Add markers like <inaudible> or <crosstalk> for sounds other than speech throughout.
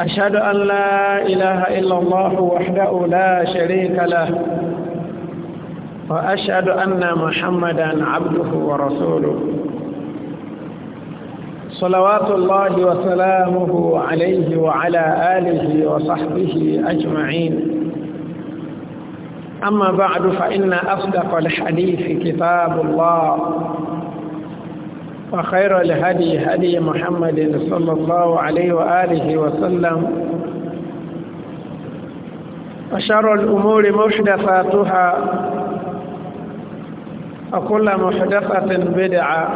أشهد أن لا إله إلا الله وحده لا شريك له وأشهد أن محمدا عبده ورسوله صلوات الله وسلامه عليه وعلى آله وصحبه أجمعين أما بعد فإن أصدق الحديث كتاب الله وخير الهدي هدي محمد صلى الله عليه وآله وسلم وشر الأمور محدثاتها وكل محدثة بدعة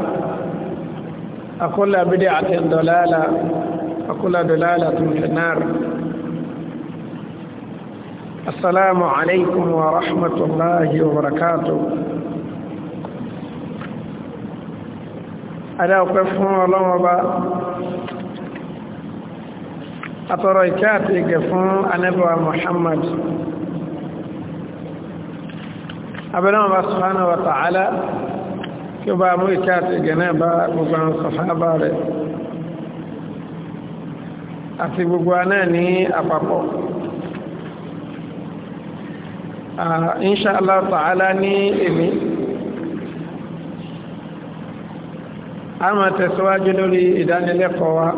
وكل بدعة ضلالة وكل ضلالة في النار السلام عليكم ورحمة الله وبركاته adá ọpẹ́ fún ọlọ́wọ́ bá atọrọ ìkẹ́ àti ìgẹ̀ fún anẹ́bọ̀wà Muhammad abẹ́lẹ́wọ̀n bá subhanahu wa ta'ala kí ó bá mú ìkẹ́ àti ìgẹ̀ náà bá gbogbo àwọn rẹ̀ àti gbogbo náà ní àpapọ̀ inṣáàlá ta'ala ní èmi a máa tẹ̀síwájú lórí ìdánilẹ́kọ̀ọ́ wa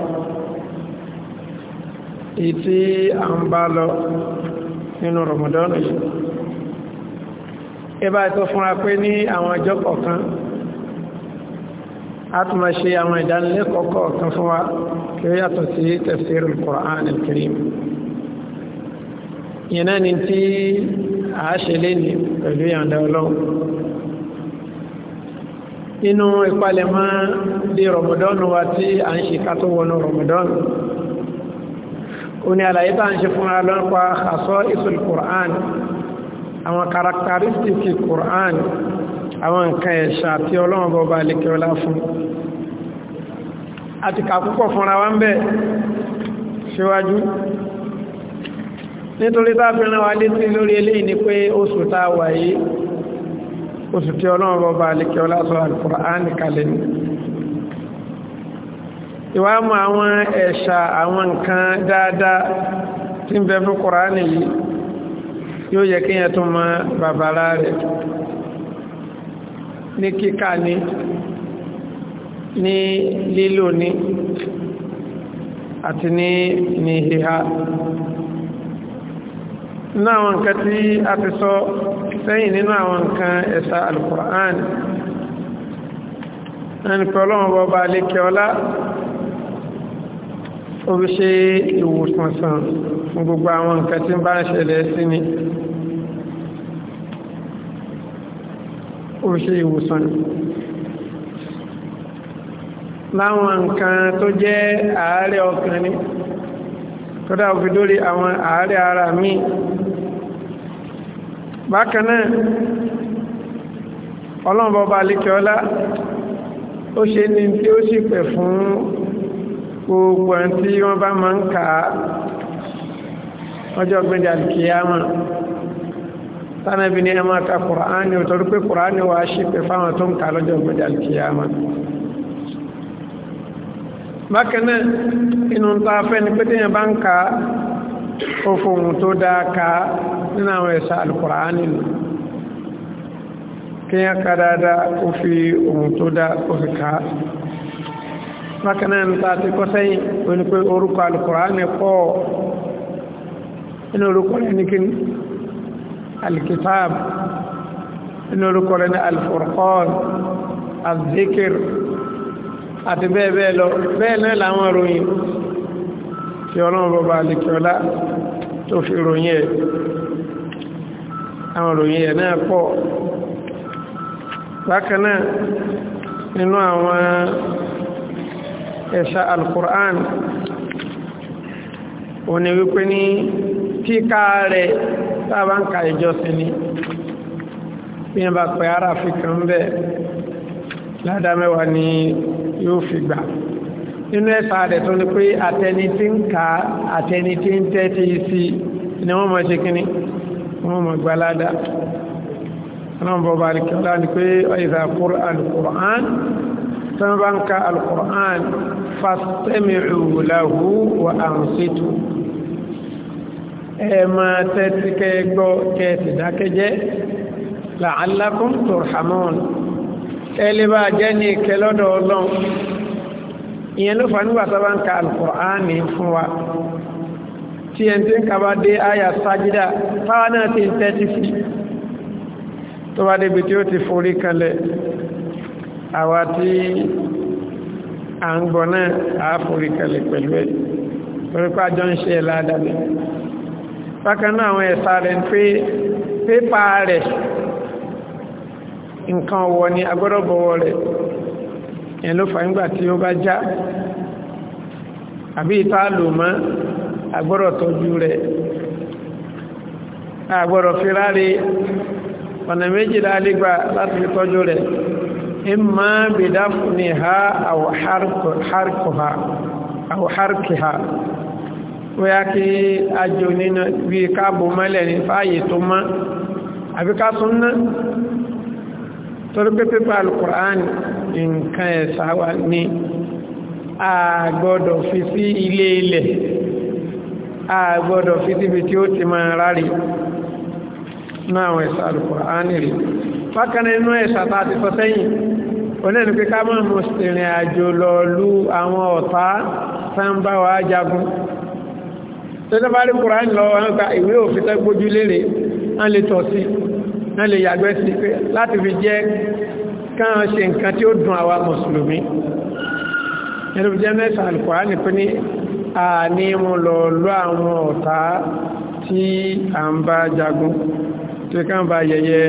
èyí tí a ń bá lọ nínú rọmọdọ́nù yìí ẹbá tó fúnra pé ní àwọn ọjọ́ kọ̀ọ̀kan a tún máa ṣe àwọn ìdánilẹ́kọ̀ọ́ kọ̀ọ̀kan fún wa kí ó yàtọ̀ sí tafsirul Qur'an a ṣe lé ní pẹ̀lú nínú ìpalẹ̀mọ́ di rọmọdọ́nù wa tí a ń ṣe kátó wọnú rọmọdọ́nù òní àlàyé tàà ń ṣe fún ara lọ́npa àṣọ ìsòlù Qur'an àwọn karaktaristiki Qur'an àwọn nǹkan ẹ̀ṣà tí ọlọ́run bọba lẹ́kẹ̀ọ́lá oṣù tí ọlọ́run bọ́ bá alékẹ́ ọlásọ alfùránì kalẹ̀ ní ìwà mú àwọn ẹ̀ṣà àwọn nǹkan dáadáa tí ń bẹ fún kùránì yìí yóò yẹ kí yẹn tó mọ bàbára rẹ̀ ní kíkà ní lílò ní àti ní nínú àwọn nǹkan tí a ti sọ sẹ́yìn nínú àwọn nǹkan ẹ̀sà alukur'an ẹni pé ọlọ́run bọba alékẹ́ ọlá ó fi ṣe ìwòsànsàn fún gbogbo àwọn nǹkan tí ń bá ń ṣẹlẹ̀ sí ni ó fi ṣe ìwòsàn láwọn nǹkan tó jẹ́ àárẹ̀ ọkàn ni kódà òfin lórí àwọn àárẹ̀ ara míì bákan náà ọlọ́run ọba alékeọlá ó ṣe ní tí ó sì pẹ̀ fún gbogbo ẹni tí wọ́n bá máa ń kà á ọjọ́ gbẹ̀dẹ̀ àlùkìyàmọ̀ tánàbí ní ẹmọ́ ta kùránì òtọ́rú pé kùránì wà ṣe pẹ̀ fáwọn tó ń kà lọ́jọ́ gbẹ̀dẹ̀ àlùkìyàmọ̀ bákan náà inú ta fẹ́ ni pé téèyàn bá ń kà á ó fohùn tó dáa kà á nínú àwọn ẹ̀sà alùkùránì kí yá ká dáadáa ó fi ohun tó dá ó fi ká bákanáà nípa àti kọ́ sẹ́yìn wọn ni pé orúkọ alùkùránì pọ̀ inú orúkọ rẹ̀ ní kí alkitab inú orúkọ rẹ̀ ní alfurqan azikir àti bẹ́ẹ̀ bẹ́ẹ̀ lọ bẹ́ẹ̀ náà fi ròyìn ẹ̀ àwọn òròyìn ẹ̀ náà pọ̀ bákanáà nínú àwọn ẹ̀ṣà al-Qur'an wọ́n ni wípé ní kíká rẹ̀ sábà ń ka ìjọsìn ni bí wọ́n bá pẹ̀ ara fi kàn bẹ̀ ládá ni yóò fi gbà nínú ẹ̀ṣà rẹ̀ tó ní pé àtẹni tí ń ka àtẹni tí ń tẹ́tí sí ni wọ́n mọ̀ ṣe kíní wọ́n mọ̀ gbalada ọlọ́run bọ̀ bá alìkẹ́ ọlá ni pé ọ̀yẹ̀dà alìkùrán tó ń bá ń ka alìkùrán fastami'u lahu wa ansitu ẹ máa tẹ́tí kẹ́ gbọ́ kẹ́ ti dákẹ́jẹ́ la'allakum turhamun ẹlẹ́bà jẹ́ ní ìkẹ́ lọ́dọ̀ ọlọ́run ìyẹn ló fa nígbà tó bá wa tí ẹn tí ń kaba dé àyà sájídà táwa náà ti ń tẹ́tí sí tó bá débi tí ó ti forí kanlẹ̀ àwa tí à ń gbọ́ náà á forí kanlẹ̀ pẹ̀lú ẹ̀ torípa jọ ń ṣe ẹ̀ bákan náà àwọn ẹ̀sà rẹ̀ ń pé pépà rẹ̀ nǹkan ọ̀wọ̀ ni agbọ́dọ̀ bọ̀wọ̀ rẹ̀ ẹ̀ ló fà ń gbà tí ó bá já àbí ìta lò mọ́ agbọ́dọ̀ tọ́jú rẹ̀ agbọ́dọ̀ fi ráre ọ̀nà méjìlá lẹ́gbà láti fi tọ́jú rẹ̀ imma bidafniha aw harqiha aw harqiha bóyá kí ajo nínú bí káàbò mọ́lẹ̀ ní fáyè tó mọ́ àbí ká tún ná torí pé pépà nǹkan ẹ̀sà ní a gbọ́dọ̀ fi sí ilé ilẹ̀ a gbọ́dọ̀ fi síbi tí ó ti máa rárí ní àwọn ẹ̀sà Al-Qur'ani rí bákan inú ẹ̀sà tá a ti sọ sẹ́yìn onẹ́nu pé ká máa mú ìrìn àjò lọ lú àwọn ọ̀tá sáńbá wa jagun tó tó bá rí Kùránì lọ wọn gba ìwé òfin tó gbójú lére wọn lè tọ̀ sí wọn lè yàgbẹ́ sí pé láti fi jẹ́ káwọn ṣe nǹkan tí ó dùn àwa mùsùlùmí ẹnu jẹ́ mẹ́sàn Al-Qur'ani pé àní mo lọ lọ àwọn ọ̀tá tí a ń bá jagun tí ká ń bá yẹyẹ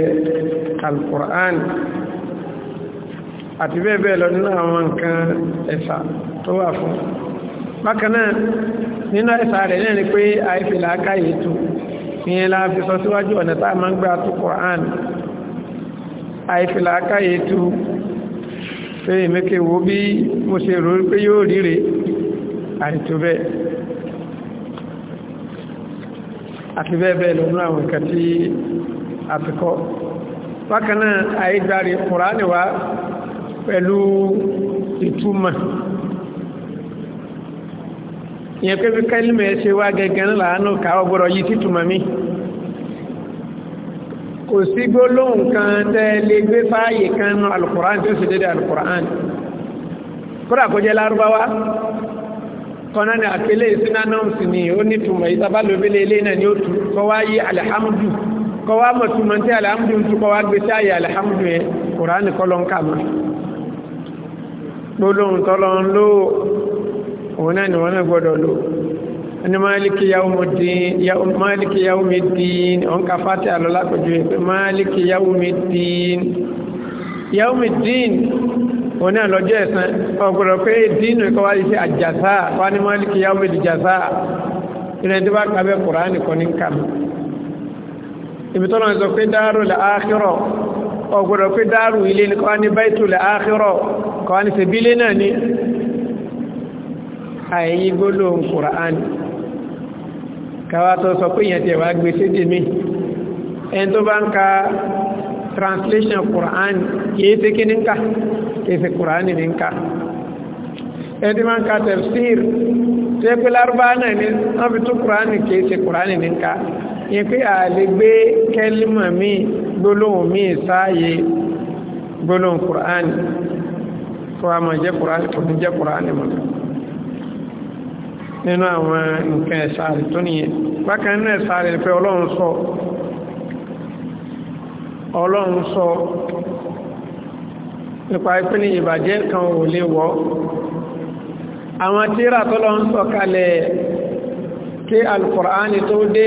alkùrán àti bẹ́ẹ̀ bẹ́ẹ̀ lọ nínú àwọn nǹkan ẹ̀sà tó wà fún bákanáà nínú ẹ̀sà rẹ̀ náà ni pé àìfìlà akáyè tó ìyẹn la fi sọ síwájú ọ̀nà tá a máa ń gbà tó kùrán akáyè tó pé ìmẹ́kẹ̀wò bí mo ṣe rò pé yóò ríre àti bẹ́ẹ̀ àti bẹ́ẹ̀ bẹ́ẹ̀ lọ́nà àwọn nǹkan tí a ti kọ́ bákanáà àìgbàrí kùránì wá pẹ̀lú ìtumọ̀ ìyẹn pé bí kẹ́lìmẹ̀ ṣe wá gẹ́gẹ́ láàánú káwọ́ gbọ́rọ̀ yìí títùmọ̀ mi kò sí gbólóhùn kan tẹ́ gbé fáyè kan nù alùkùránì tó sì dédé alùkùránì kódà kó lárúbáwá kọ́nà ni àpélé synonyms ni ó ní túmọ̀ ìtàbálòbílẹ̀ ilé náà ni ó tù kọ́ wá yí alhamdu kọ́ wá mọ̀ túmọ̀ tí alhamdu ń tukọ̀ wá gbé sáyé alhamdu yẹn kùránì kọ́lọ́ ń kà mọ́ gbólóhùn tọ́lọ́ ń lò òun náà ni wọ́n náà gbọ́dọ̀ lò ẹni máàlìkì òun náà lọ́jọ́ ẹ̀san ọ̀gbọ̀rọ̀ pé dínú kọ́ wá iṣẹ́ àjàsá wá ní mọ́lìkì yàwó èdè jàsá ìrìn tó bá kàbẹ́ kùrán nìkan ní kà mí. ibi tọ́lọ́ sọ pé dáàrú lè áàkírọ̀ ọ̀gbọ̀rọ̀ pé dáàrú ilé ní kọ́ wá ní báyìí tó lè áàkírọ̀ kọ́ wá ní sèbílé náà ní àyíyí gbólóhùn kùrán káwá tó sọ pé ìyẹn tiẹ̀ wá gbé sédè ẹni tó bá ń ka translation kùrán kì í ṣe kí ní kà kéfì kùránì ní ká ẹni máa ń ka tẹ̀síìr tí pé lárúbá náà ní wọ́n fi tún kùránì kéfì kùránì ní ká yẹn pé a lè gbé kẹ́límọ̀ mi gbólóhùn mi sáàyè gbólóhùn kùránì kó a máa jẹ́ kùránì kò ní jẹ́ kùránì mọ́ nínú àwọn nǹkan ẹ̀sà tó nìyẹn bákan nínú ẹ̀sà pé ọlọ́run sọ ọlọ́run sọ nípa ìpínlẹ̀ ìbàjẹ́ kan ò lè wọ́ àwọn tíra tọ́lọ ń sọ kalẹ̀ kí alkùránì tó dé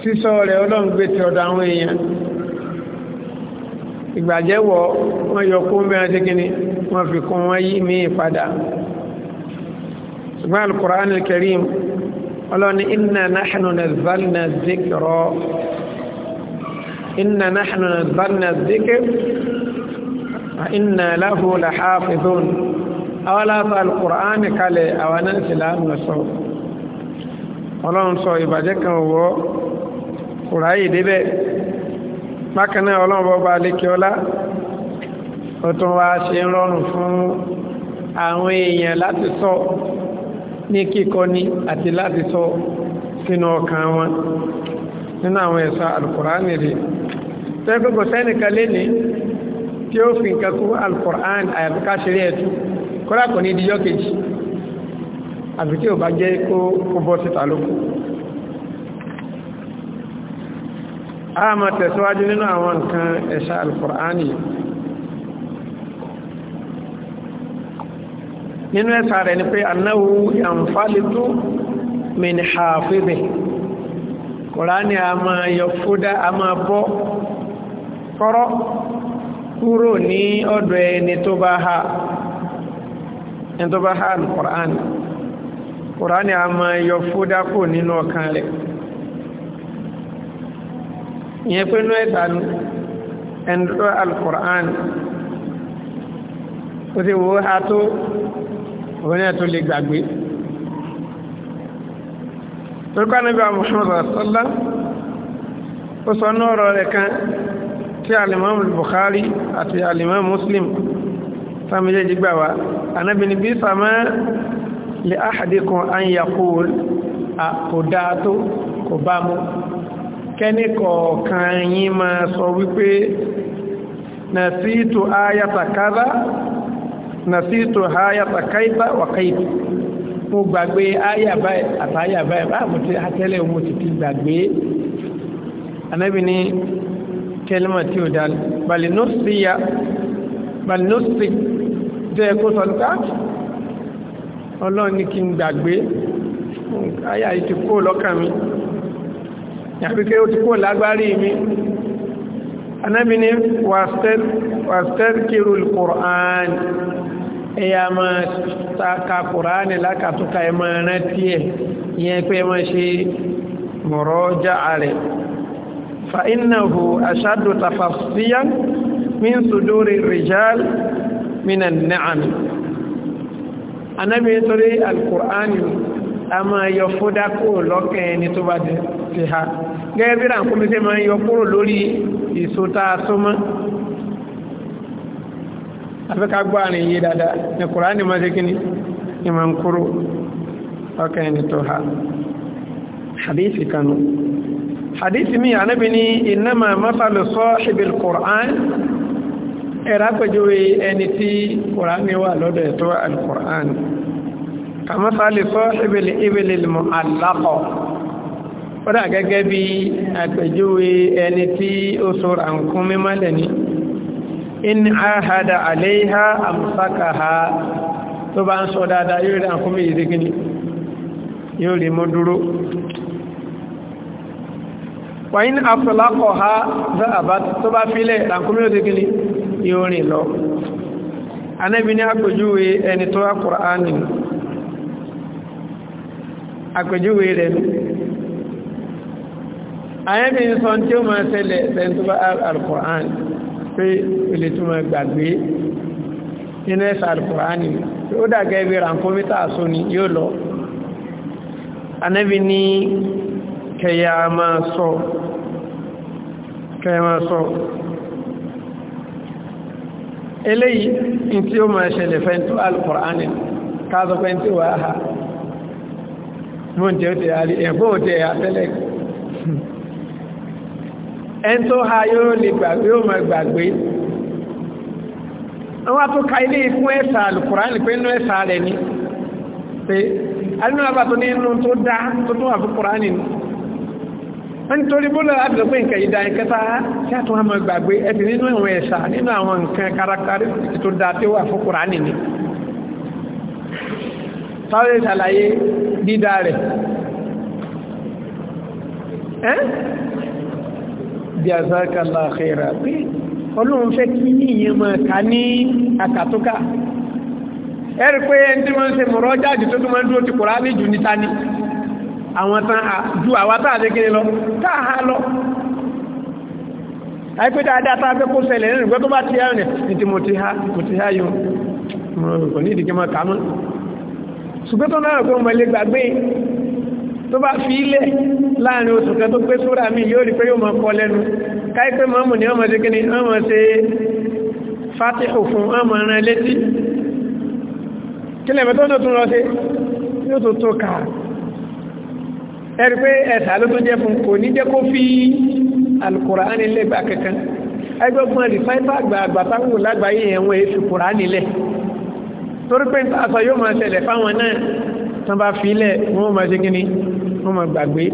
sísọ rẹ̀ ọlọ́ngbé ti ọ̀dọ̀ àwọn èèyàn ìgbàjẹ́ wọ́ wọ́n yọ kún bẹ́ẹ̀ tí kíní wọ́n fi kún wọ́n yí mí padà ṣùgbọ́n alkùránì kẹrìm ọlọ́ni inna nahnu nazzalna dhikra inna lahu la hafizun àwọn aláfa alukur'an kalẹ̀ àwọn náà sì láàmú sọ ọlọ́run sọ ìbàjẹ́ kan wọ́ kùráyè débẹ̀ bákan náà ọlọ́run bọ́ba alékiọlá ó tún wá ṣe ń rọrùn fún àwọn èèyàn láti sọ ní kíkọ ní àti láti sọ sínú ọkàn wọn nínú àwọn ẹ̀sọ́ alukur'an rèé tẹ́gbẹ́gbẹ́ sẹ́nìkan lénìí tí ó fi nǹkan kú alukur'an àyàbíká ṣeré ẹ̀tú kọ́lá kò ní ìdíjọ́ kejì àbí tí ò bá jẹ́ kó kó bọ́ síta lókù a máa tẹ̀síwájú nínú àwọn nǹkan ẹ̀ṣà alukur'an yìí nínú ẹ̀ṣà rẹ̀ ni pé anáwó àǹfàlítú min hafizi kùránì a máa yọ fúdá a máa bọ́ kọ́rọ́ kúrò ní ọ̀dọ̀ ẹni tó bá ha ẹni tó bá ha alukur'an kur'an a máa yọ fúdà kù nínú ọkàn rẹ̀ ìyẹn pé inú ẹ̀dá ẹni tó alukur'an ó ti wò ó ha tó òun náà tó lè gbàgbé torí kánú bí wàá mọ̀ ṣọ́nà sọ́lá ó sọ náà ọ̀rọ̀ rẹ̀ kan tí alimami Bukhari àti alimami Muslim sàmìlẹ̀ jígbà wa anábi ni bí sàmà lè áhàdékun anyakul kò dáa tó kò bá mú kẹ́ni kọ̀ọ̀kan yín máa sọ wípé nasitu ayata kaza nasitu ayata kaita wa kaita mo gbàgbé aya báyìí àtàyà báyìí báyìí ti àtẹ́lẹ̀ mo ti gbàgbé anábi kẹlẹ́mà tí ò dáa bàlì nọ́ọ̀sì ya bàlì nọ́ọ̀sì tó yẹ kó sọ̀rọ̀ ká ọlọ́run ní kí n gbàgbé àyà yìí ti kó lọ́kàn mi yàtọ̀ kí ó ti kó lágbárí mi anábì ní wàstẹ́r kírù kùrán ẹ̀yà máa ta kùrán lákàtúkà ẹ̀ máa rántí ẹ̀ ìyẹn pé ẹ máa ṣe mọ̀rọ̀ já rẹ̀ فإنه أشد تفصيا من صدور الرجال من النعم النبي يتري القرآن أما يفدك لك نتبع فيها gẹ́gẹ́ bí ránkú mi ṣe máa ń yọ kúrò lórí ìsúta súnmọ́ afẹ́ká gbọ́ àrin yìí dáadáa ní kùránì máa ṣe kíní ni máa ń kúrò ọkẹ́ ẹni tó ha àbí ìfìkanú hadisi mi anabi ni inama masalu sahibil qur'an era pejowe ẹni tí qur'ani wà lọ́dọ̀ ẹ̀ tó al qur'an kama sali sahibil ibil al mu'allaqa ora gẹ́gẹ́ bí àpèjúwe ẹni tí ó so rankun mi male ni in ahada alaiha amsakaha tó bá ń sọ dáadáa yóò rí rankun gini yóò rí mú wàyí ní afọlákọ̀ ha záàbá tó bá fílẹ̀ làkúnmí ó ti gíní yóò rìn lọ anẹ́bí ní àpèjúwe ẹni tó wá kùránì àpèjúwe rẹ̀ ayẹ́bí ń sọ tí ó máa tẹ́lẹ̀ lẹ́yìn tó bá alkùránì pé ilé tó máa gbàgbé nínú ẹ̀sà kẹyà máa sọ kẹyà máa sọ eléyìí tí ó máa ṣẹlẹ̀ fẹ́ tó alkùránì káàzọ fẹ́ tí wà áhà mún jẹ́ òtẹ̀ àrí ẹ̀bọ́ òtẹ̀ àtẹ́lẹ̀ ẹn tó ha yóò lè gbàgbé ó máa gbàgbé wọ́n tó ka ilé fún ẹ̀sà alkùránì pé inú ẹ̀sà rẹ̀ ni pé alínú àbàtò ní inú tó dá tó tó wà ni nítorí bọ́lá àdìsọ́pé nǹkan ìdá ìkẹta yàtọ̀ àmọ́ ìgbàgbé ẹ̀sìn nínú àwọn ẹ̀sà nínú àwọn nǹkan karakitaristi tó dáa tí ó wà fún Kùránì ni sáré ṣàlàyé dídá rẹ̀ ẹ́ jazakallahu khaira pé ọlọ́run fẹ́ kí ní ìyẹn mọ̀ ká ní àkàtúkà ẹ̀rí pé ẹni tí wọ́n ń ṣe mọ̀rọ̀ jáde tó tún máa ń dúró ti Kùránì jù níta ni. Tani àwọn tán ju àwa tá àti kiri lọ tá a lọ àìpé dáadáa tá a fẹ́ kó ṣẹlẹ̀ nínú ìgbẹ́ tó bá ti há rẹ̀ ní ti mo ti há mo ti há yóò kò ní ìdíkẹ́ máa kà mọ́ ṣùgbọ́n tó náà pé ọmọ ilé gbàgbé tó bá fi ilẹ̀ láàrin oṣù kan tó pé súra mi yóò rí pé yóò máa kọ lẹ́nu káìpé mọ́mù ni ọmọ ṣe kíni ọmọ ṣe fátìhù tó tún lọ sí yóò tó tó kàá ẹ̀rí pé ẹ̀sà ló tó jẹ́ fún kò ní jẹ́ kó fi alukurani lẹ́gbàá kankan ẹgbẹ́ fún ẹ̀rìfáìfà àgbààgbà táwọn lágbàáyé ẹ̀wọ̀n èéfì kurani lẹ̀ torí pé nípa àṣà yóò máa ṣẹlẹ̀ fáwọn náà tán bá fi ilẹ̀ wọ́n máa ṣe gíní wọ́n máa gbàgbé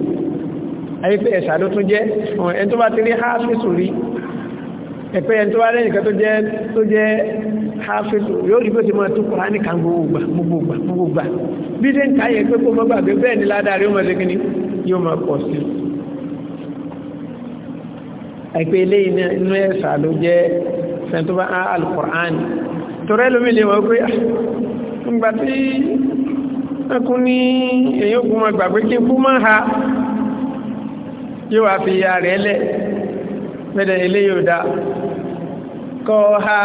ayé pé ẹ̀sà ló tún jẹ́ ẹni tó bá ti rí háàsì sórí ẹ̀pẹ́ ẹni tó bá rẹ̀ nìkan tó jẹ́ hafiz yóò rí bóti máa tún kùránì kan gbogbogbà gbogbogbà gbogbogbà bí dé ń ká yẹ pé kó mọ́ gbàgbé bẹ́ẹ̀ ni ládàrí ọmọ ṣe kíní yóò máa pọ̀ sí àìpé ilé inú ẹ̀sà ló jẹ́ sẹ́ntúbà alkùránì torẹ́ lómi lè wọ́n pé ǹgbà ah, tí ẹkùn ní èyí òkú máa gbàgbé kí kú máa ha yóò wá fi ya rẹ̀ lẹ̀ mẹ́tẹ̀ ilé yóò dá kọ́ ha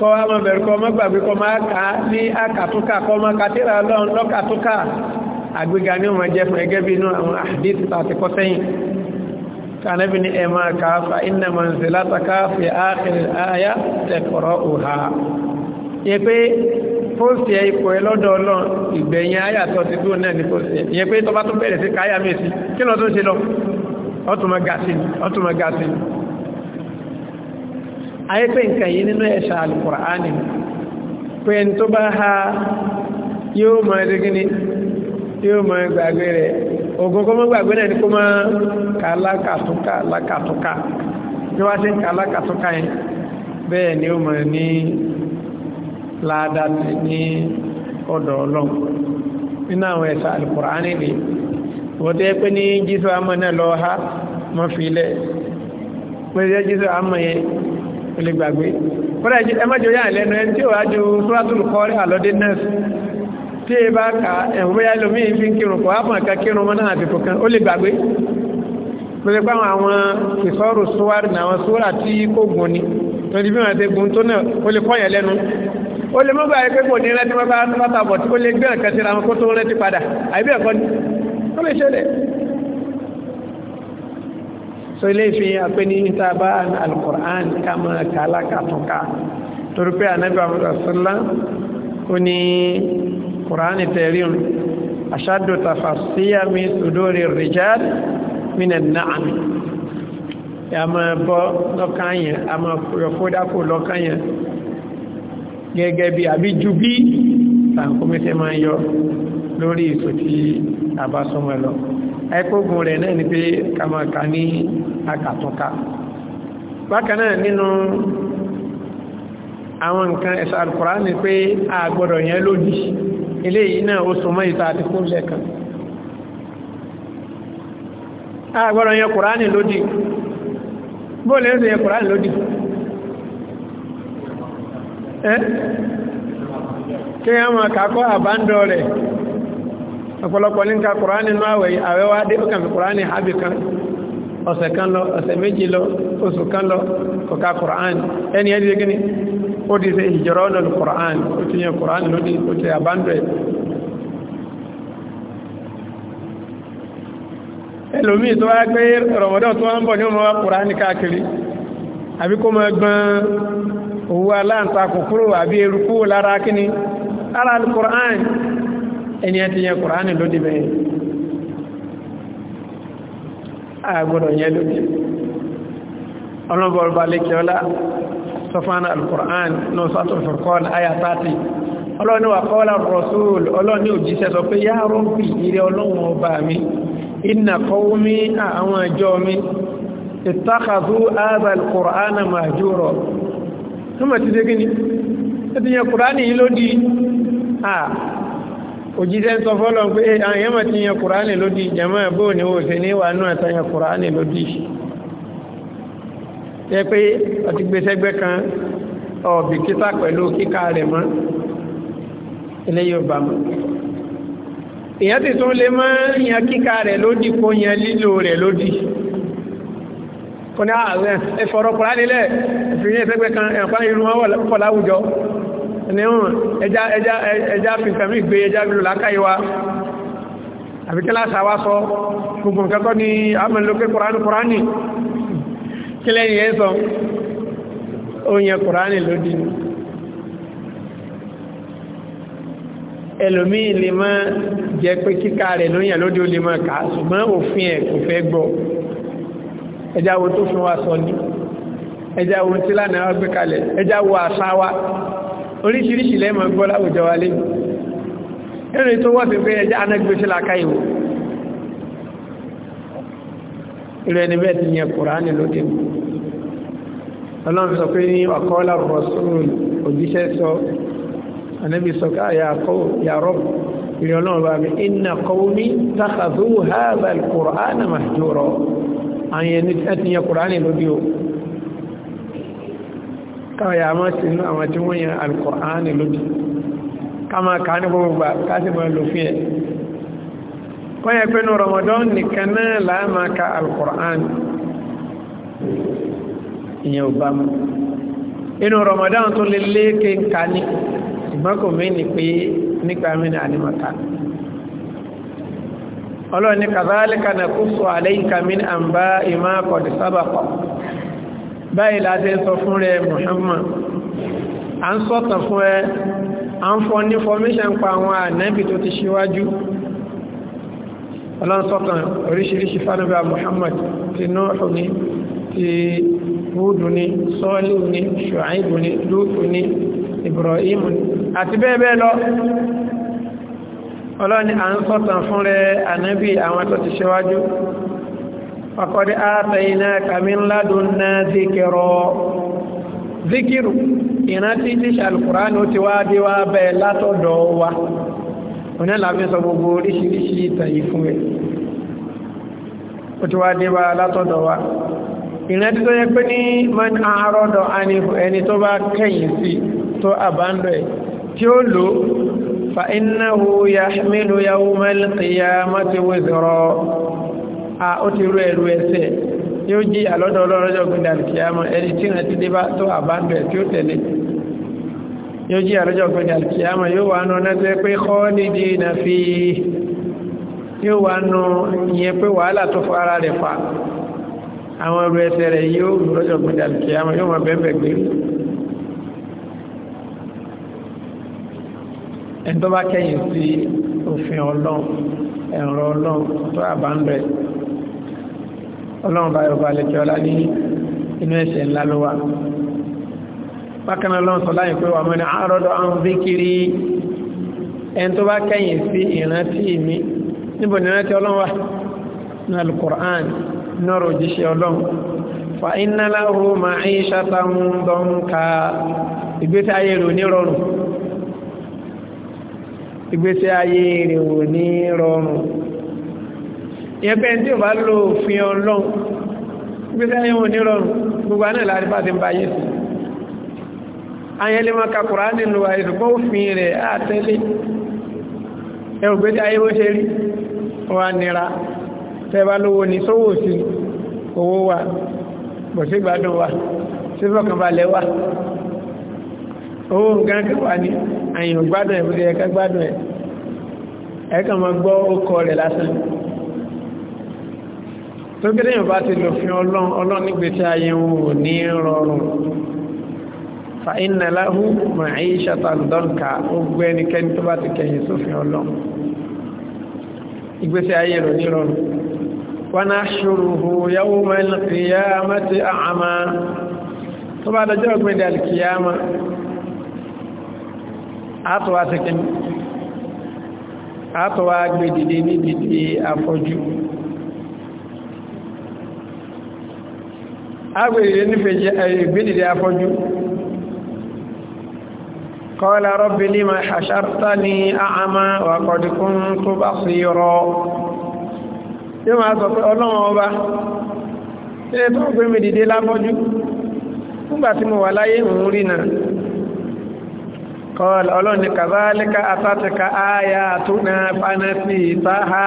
kọ́ wá mọ̀ bẹ̀rù kọ́ mọ́ gbàgbé kọ́ máa kà á ní àkàtúnkà kọ́ máa kà tíra ọlọ́run lọ́kàtúnkà àgbéga ní ọmọ jẹ́ fún ẹgẹ́ bí inú àwọn àdìsí àti kọ́ sẹ́yìn kànáàbí ní ẹ̀mà kàáfà iná mọ̀ sí látàkà fi áàkiri àyà tẹ̀kọ̀rọ̀ òhà yẹ pé fóòsì ẹ ipò ẹ lọ́dọ̀ ọlọ́run ayé pé nǹkan yìí nínú ẹ̀ṣà alìkùránì pé ẹni tó bá ha yóò máa dégíní yóò máa gbàgbé rẹ̀ ògógó mọ́ gbàgbé náà ní kó máa kà lákàtúkà lákàtúkà bí wá sí ń kà lákàtúkà yẹn bẹ́ẹ̀ ni ó máa ní láàdá ní ọ̀dọ̀ ọlọ́run nínú àwọn ẹ̀ṣà o lè gbàgbé fọ́nà ẹjẹ́ ẹmọ́jọ yà lẹ́nu ẹni tí ó wá ju suratul Qari'a àlọ́dé nẹ́ẹ̀sì tí ẹ bá ka ẹ̀hùn bóyá ẹlòmíì fi ń kírun kọ́ ápùn ẹ̀ka kírun mọ́ náà àbìkò kan ó lè gbàgbé pẹ̀lú pé àwọn ìsọ́rù sùwárì náà àwọn sùwárà tí kò gùn ni torí bí wọ́n ti gùn tó náà ó lè kọ́yẹ̀ lẹ́nu ó lè so ilé ìfi hàn pé ní níta bá alukur'an ká máa kà á lákàtúnkà torí pé anabi amadu asala ó ní kur'an tẹ̀ríun aṣáájú tafasíyà mi sùdórí rìjáàd mínà nàámi a máa bọ́ lọ́kàn yẹn a máa yọkódákò lọ́kàn yẹn gẹ́gẹ́ bí àbí ju bí tàǹkómi ṣe máa yọ lórí ìsòtí àbásọ́mọ́ lọ. ẹ̀kọ́gùn rẹ̀ náà ni pé kàmàkà ní akàtúnká bákan náà nínú àwọn nǹkan ẹ̀sà alukura ni a yẹn lòdì eléyìí náà ó súnmọ́ ìta àti kúrúṣẹ̀ kan a yẹn kùránì lòdì bóòlù ẹ̀sẹ̀ yẹn kùránì lòdì ẹ́ kí wọ́n máa kàkọ́ ọ̀pọ̀lọpọ̀ ní ká kùránì ní àwẹ̀ àwẹ̀ wá dé ó kàn fi kùránì hábì kan ọ̀sẹ̀ kan lọ ọ̀sẹ̀ méjì lọ oṣù kan lọ kọ̀ká kùránì ẹni ẹni gíní ó ti ṣe ìjọrọ̀ ọ̀nà kùránì ó ti yẹ kùránì lódì ó ti àbándọ̀ ẹ̀ ẹlòmíì tó wá àbí kó mọ gbọ́n owó aláǹtakùn kúrò àbí eruku lára kíni ara kùránì ẹni ẹ ti yẹ kùránì lódì bẹ́ẹ̀ àgbọ̀dọ̀ yẹ lódì ọlọ́bọ̀ọ̀bà lẹ́kẹ̀ọ́lá sọfánà alkùrán náà sátọ̀ fòrkọ́n àyà 30 ọlọ́ni wà kọ́lá rọ̀súl ọlọ́ni òjíṣẹ́ sọ pé yáàrùn bí ire ọlọ́run ọba mi inna qawmi àwọn ẹjọ́ mi ittakhadhu hadha alkùrán mahjura túnmọ̀ ti òjíṣẹ́ sọ fọ́lọ̀ pé ah, àyẹ́ mọ̀ ti yan kùránì lódì jama bó ní o ṣe ní wà náà tán yan kùránì lódì jẹ́ pé ọtí gbèsẹ́gbẹ́ kan ọ̀bì kíta pẹ̀lú kíkà rẹ̀ mọ́ ilé yorùbá mọ́ èyàn ti tún lè mọ́ yan kíkà rẹ̀ lódì kó yan lílò rẹ̀ lódì kò ní àwọn ah, ẹ̀fọ̀rọ̀ kùránì lẹ̀ ìfìyẹ́ kan ẹ̀fọ́ ní ọ̀rùn ẹjá ẹjá ẹjá pìntàmì gbé ẹjá bílò lákàí wa àbíkẹ́ láṣà wá sọ gbogbo nǹkan kọ́ ní amẹ́lókè kùránì kùránì kí lẹ́yìn ẹ́ sọ oyin kùránì lódì ní ẹlòmíì lè mọ́ jẹ́ pé kíkà rẹ̀ lóyìn lódì ó lè mọ́ kà ṣùgbọ́n òfin ẹ̀ kò fẹ́ gbọ́ ẹjá wo tó fún wa sọ ní ẹjá wo tí lánàá gbé kalẹ̀ ẹjá wo àṣà wa oríṣiríṣi lẹ́mọ̀ gbọ́ láwùjọ wa lé ẹ̀rọ tó wọ́n ti pé ẹjá anágbésí láká ìwò ìrọ̀ ẹni bẹ́ẹ̀ ti yẹ kùránì lóde ọlọ́run sọ pé ní ọ̀kọ́lá rọ̀sùn òjíṣẹ́ sọ anábì sọ ká yàrọ̀ ìrọ̀ náà bá mi iná kọ́wọ́ mi tàkàzú hàbàl kùránì màjúrọ̀ káwàá máa ti ní àwọn tí wọ́n yàn alkọ̀ánì lójú káàmà káà ní gbogbo gbà káàsì máa lò fí ẹ̀ wọ́n yẹ pé ní Ramadan nìkan náà láàmà ka alkọ̀ánì ìyẹn ò bá mú inú Ramadan tó lè léèké nǹka ní ìgbọ́kọ̀ mi ni pé nígbà mi ní ànímọ̀ká ọlọ́ọ̀ni kàzálíkà nà kúsù àlẹ́yìnkà mi ní àmbá ìmá kọ̀dì sábàkọ̀ báyìí láti sọ fún rẹ̀ Muhammad a ń sọ́tàn fún ẹ a ń fọ́ ní formation pa àwọn ànábì tó ti ṣíwájú ọlọ́sọ̀tàn oríṣiríṣi fánúbà Muhammad ti Nuhu ní ti Hudu ní Sọ́ọ́lù ní Ṣùáìbù ní Lútù ní Ibrahim àti bẹ́ẹ̀ bẹ́ẹ̀ lọ ọlọ́ni à ń sọ́tàn fún rẹ̀ ànábì àwọn tó ti ṣíwájú faqad ataynaka min ladunna zikra zikiru ìrántí tí ṣàlùkùránù ti wá dé wá bẹ́ẹ̀ látọ̀dọ̀ wa òní àlàáfi sọ gbogbo oríṣiríṣi ìtàyí fún ẹ ó ti wá dé wá látọ̀dọ̀ wa ìrántí tó yẹ pé ní man àárọ̀dọ̀ àníhù ẹni tó bá kẹ̀yìn sí tó àbándọ̀ ẹ̀ tí ó lò fa innahu yahmilu yawmal qiyamati wizra a ó ti rú ẹrù ẹsẹ̀ yóò jí àlọ́dọ̀ ọlọ́rọ́jọ́ gbìndà kìyàmọ́ ẹni tí rẹ̀ ti dé bá tó àbámbẹ̀ tí ó tẹ̀lé yóò jí àlọ́jọ́ gbìndà kìyàmọ́ yóò wà nù náà pé kọ́ nídi ìnà fi yóò wà nù ìyẹn pé wàhálà tó fọ́ ara rẹ̀ fà àwọn ẹrù ẹsẹ̀ rẹ̀ yóò lọ́jọ́ gbìndà kìyàmọ́ yóò mọ̀ bẹ́ẹ̀ gbé ẹni tó bá kẹ́yìn sí òfin ọlọ́run ẹ̀rọ ọlọ́run tó àbámbẹ̀ ọlọ́run bá yọba lẹ́kẹ́ ọlá ní inú ẹ̀ṣẹ̀ ńlá ló wà bákanáà lọ́n sọ láyé pé wà mọ́ ní àárọ́dọ̀ àwọn zikiri ẹni tó bá kẹ́yìn sí ìrántí mi níbo ni rántí ọlọ́run wà ní alukur'an nọ́rọ̀ òjíṣẹ́ ọlọ́run fa iná láhù ma ń ṣàtà ń dán ka ìgbésí ayé rò ìyẹ́pẹ́ tí ò bá lò òfin ọlọ́run gbígbé ayé wọn nírọ̀rùn gbogbo àná láti bá ti ń báyé sí ayẹ́lẹ́mọ́ ka Kùránì nínú àìsùgbọ́n òfin rẹ̀ àtẹ́lé ẹ̀rù gbé ayé wọ́n ṣe rí wà nira tẹ́bá lówó ní sówò sí owó wa bọ̀ sí gbádùn wa sí fọkànbalẹ̀ wa owó nǹkan kẹwà ní àyìn gbádùn ẹ̀ bó ti ẹ̀ká gbádùn ẹ̀ ẹ̀kàn mọ́ gbọ́ ó kọ rẹ̀ lásán tó gbé lẹ́yìn bá ti lò fi ọlọ́run ọlọ́run nígbèsí ayé wọn ò ní rọrùn fa inna lahu ma'ishatan danka ó gbé ẹnikẹ́ni tó bá ti kẹ̀yìn sófin ọlọ́run ìgbésí ayé rò ní rọrùn wa nahshuruhu yawmal qiyamati a'ma tó bá dọjọ́ ògbéde alkiyama àtọwà ti kìíní àtọwà gbèdìdì níbi ti afọ́jú agbèrè nífẹ̀ẹ́ eh, ìgbédìdẹ afọ́jú kọ́lá rọ́bì ní ma ṣàṣàrtà ní àmà wàkọ̀dìkún tó bá sí rọ yóò máa sọ pé ọlọ́wọ́n ọba ilé tó gbé mi dìde lábọ́jú nígbà tí mo wà láyé òun rí náà kọ́lá ọlọ́run kàzálíkà àtàtìkà ááyà tó fánẹ́sì táhá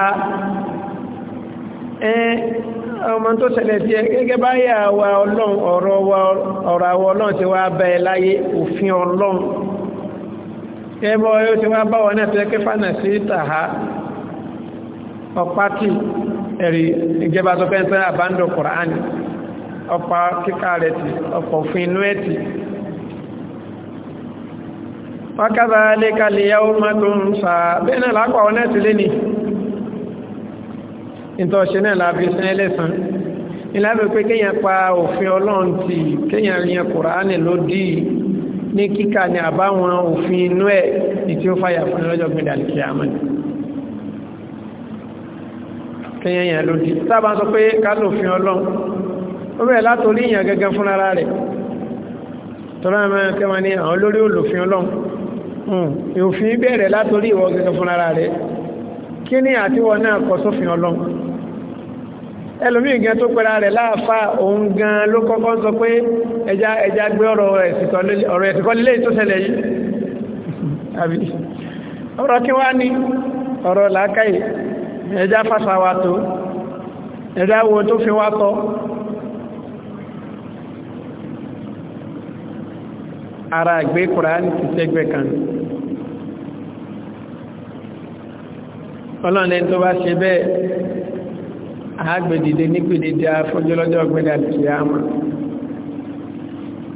ọmọ tó ṣẹlẹ̀ sí ẹ gẹ́gẹ́ báyà wa ọlọ́run ọ̀rọ̀ wa ọ̀rọ̀ àwọ̀ ọlọ́run ti wá bá láyé òfin ọlọ́run ẹbọ yóò ti wá báwọn náà fẹ́ kífànà sí tàhá ọ̀pátì ẹ̀rí ìjẹba tó fẹ́ntẹ́ àbándọ̀ kùránì ọ̀pá kíkà rẹ̀ ti ọ̀pọ̀ òfin inú ẹ̀ ti wákàtà lẹ́kàlẹ̀ yàwó mọ́tò ń sà bẹ́ẹ̀ náà lápá nítorí ọ̀ṣẹ́ náà láàbí san ẹlẹ́sàn ìlànà pé kéèyàn pa òfin ọlọ́run tì kéèyàn yan kùránì lódì ní kíkà ní àbáwọn òfin inú ẹ̀ tí ó fàyà fún lọ́jọ́ gbẹ̀dàlì kìámà kéèyàn yan lódì sábà sọ pé kálò òfin ọlọ́run ó bẹ̀rẹ̀ látòrí ìyàn gẹ́gẹ́ fún ara rẹ̀ tọ́lá máa kẹwọn ní àwọn olórí olùfin ọlọ́run hmm, òfin bẹ̀rẹ̀ látòrí ìwọ gẹ́gẹ́ fún ara rẹ̀ kí àtiwọ náà kọ sófin ọlọ́run ẹlòmíì gan tó pera rẹ̀ láàfà òun gan ló kọ́kọ́ sọ pé ẹja ẹja gbé ọ̀rọ̀ ẹ̀sìnkọ́ lílé tó ṣẹlẹ̀ yìí àbí ọ̀rọ̀ kí wá ní ọ̀rọ̀ làákàyè ẹja fàṣà wa tó ẹja wo tó fi wá tọ́ ara àgbé kùránì ti sẹ́gbẹ̀ kan ọlọ́run ẹni tó bá ṣe bẹ́ẹ̀ agbèdìde nípìdìde afọ́jọ́lọ́jọ́ ọ̀gbẹ́dà tí a mọ̀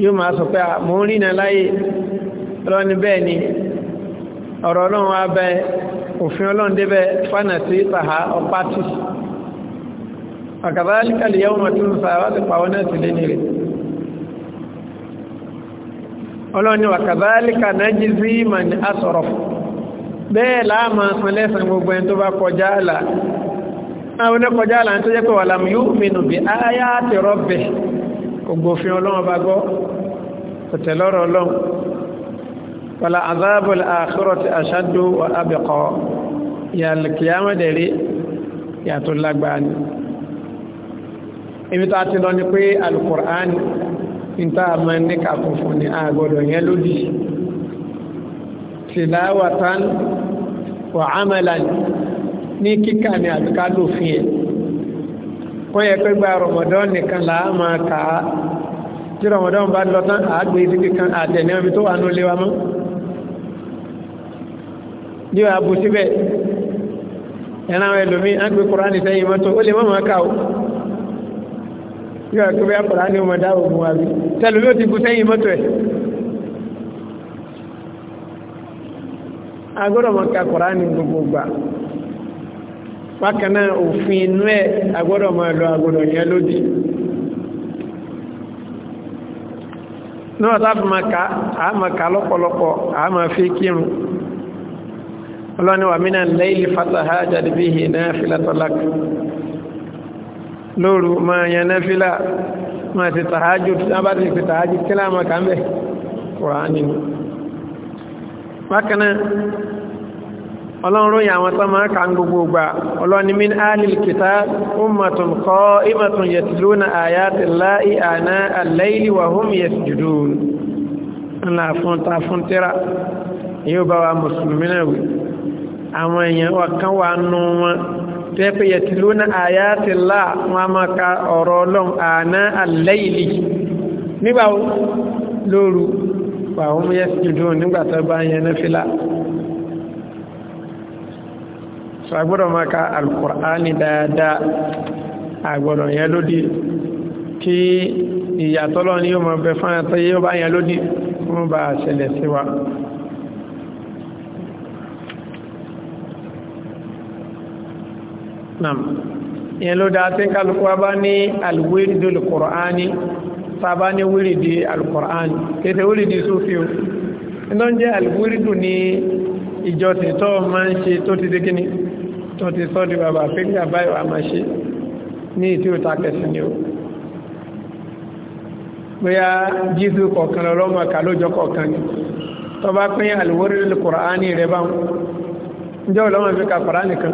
yóò máa sọ pé mò ń rìnà láyé lọ́ni bẹ́ẹ̀ ni ọ̀rọ̀ ọlọ́run wá bẹ òfin ọlọ́run débẹ̀ fánà sí sàhá ọpátì ọ̀kàbá líkàlì yẹ́wò mọ̀ tún sàhá àwọn oníkọjá àlà tó jẹ́ pé wà lámù yóò mìnú bí ayá ti rọ́bẹ̀ ògbòfin ọlọ́run bá gbọ́ kòtẹ̀lọ́rọ̀ ọlọ́run wàlá azábùl àkúrọ̀ ti aṣáájú wà ábẹ̀kọ́ ìyàlùkìyàmọ̀dẹ̀rẹ́ yàtọ̀ lágbàá lọ ni pé alukur'an ní tá ní kàfùfù ní àgọ́dọ̀ yẹn lódì tìláwàtán wà ámàlàn ní kíkà ní àbíká lófin ẹ̀ wọ́n yẹ pé gba rọmọdán nìkan là á máa kà á tí rọmọdán bá lọ tán àágbé síbi kan àtẹ̀ní ọbí tó wà ní olé wa mọ́ bí wàá bu síbẹ̀ ẹ̀rọ àwọn ẹlòmíín á gbé kúránì sẹ́yìn mọ́tò ó lè má máa kà ó yóò kó bí akọ̀rọ̀ ní ọmọdé ogun wa bí tẹ́lú yóò ti kú sẹ́yìn mọ́tò ẹ̀ agbọ́dọ̀ mọ́ kí akọ̀rọ̀ gbogbo gbà bákan náà òfin inú ẹ̀ agbọ́dọ̀ máa lọ agbọ́dọ̀ yẹn lódì náà tábí maka àmàkà lọ́pọ̀lọpọ̀ àmà fi kírun ọlọ́ni wà mínà lẹ́ìlì fataha jàdìbíhì náà fílà tọ́lák lóòrù ma yẹn náà fílà ma ti tàhájú tí a bá ti fi tàhájú kí láàmà kàmbẹ̀ kùránì bákan náà ọlọ́run yà àwọn tó máa kàn gbogbo gbà ọlọ́ni min alil kita ummatun qa'imatun yatluna ayati llahi ana al-layli wa hum yasjudun ńlá fún ta fún tíra yóò bá wa mùsùlùmí náà wí àwọn èèyàn ọ̀kan wà nù wọn tẹ́pẹ́ yatluna ayati llahi wọn a máa ka so agbọ́dọ̀ máa ka alukur'ani dáadáa agbọ́dọ̀ yẹn lódì kí ìyàtọ́lọ́ ni yóò máa bẹ fún àtọ́ yóò bá yẹn lódì fún bá ṣẹlẹ̀ sí wa nam yẹn ló dáa tí kálukú wa bá ní alwíìdì alukur'ani tá a bá ní wíìdì alukur'ani kéde wíìdì sófin o iná jẹ́ alwíìdì ní ìjọsìn tó máa ń ṣe tó ti dé kíni tó ti sọ́ di bàbá pé ní àbáyọ̀ àmàṣe ní ìtí òta kẹsì ni ó bóyá jísù kọ̀ọ̀kan lọ́mọ kàlójọ kọ̀ọ̀kan ni tó bá pín àlùwórí lè kùránì rẹ̀ bá wọn ǹjẹ́ ọlọ́mọ fi ka kùránì kan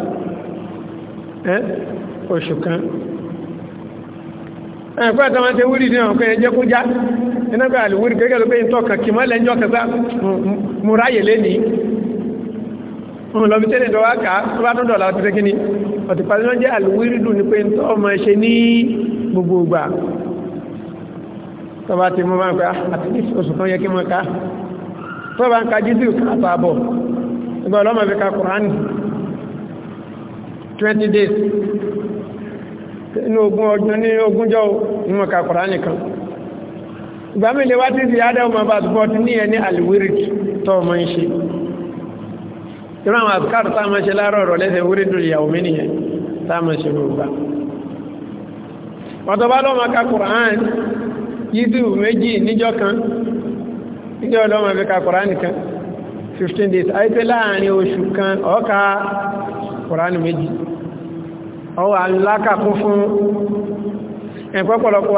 oṣù kan ẹ̀kọ́ àtàwọn ti wúrí náà kọ́ ẹjẹ́ kú já ẹ̀nàgbà àlùwórí gẹ́gẹ́ ló pé ń tọ́ka kì mọ́ lẹ́njọ́ kẹta múráyè lénìí wọn lọ bí tẹ́lẹ̀ tó wá kà tó bá tó dọ̀la ti tẹ́kí ni ọ̀tìpàdé náà jẹ́ àlùwírídù ni pé ń tọ́ ọmọ ṣe ní gbogbo ìgbà tó bá ti mú máa ń pa àti ní oṣù kan yẹ kí wọ́n ká tó bá ń ka jíjù àtàbọ̀ ìgbà ọlọ́mọ fi ka Kùránì twenty days inú ogún ọdún ní ogúnjọ́ ni wọ́n ka Kùránì kan ìgbà mi lè wá ti di adé ọmọ bá tó bọ́ ti ní ẹni àlùwírídù tó ọmọ ń irú àwọn àbúkàtù ṣe láàárọ̀ ọ̀rọ̀ lẹ́sẹ̀ wúrí dùn ìyàwó mi nìyẹn ṣe gbogbo ọ̀tọ̀ bá lọ́mọ ká méjì níjọ́ kan níjọ́ fi kan 15 days àìpé láàrin oṣù kan ọ̀ọ́ka kùrán méjì fún ẹ̀pọ̀pọ̀lọpọ̀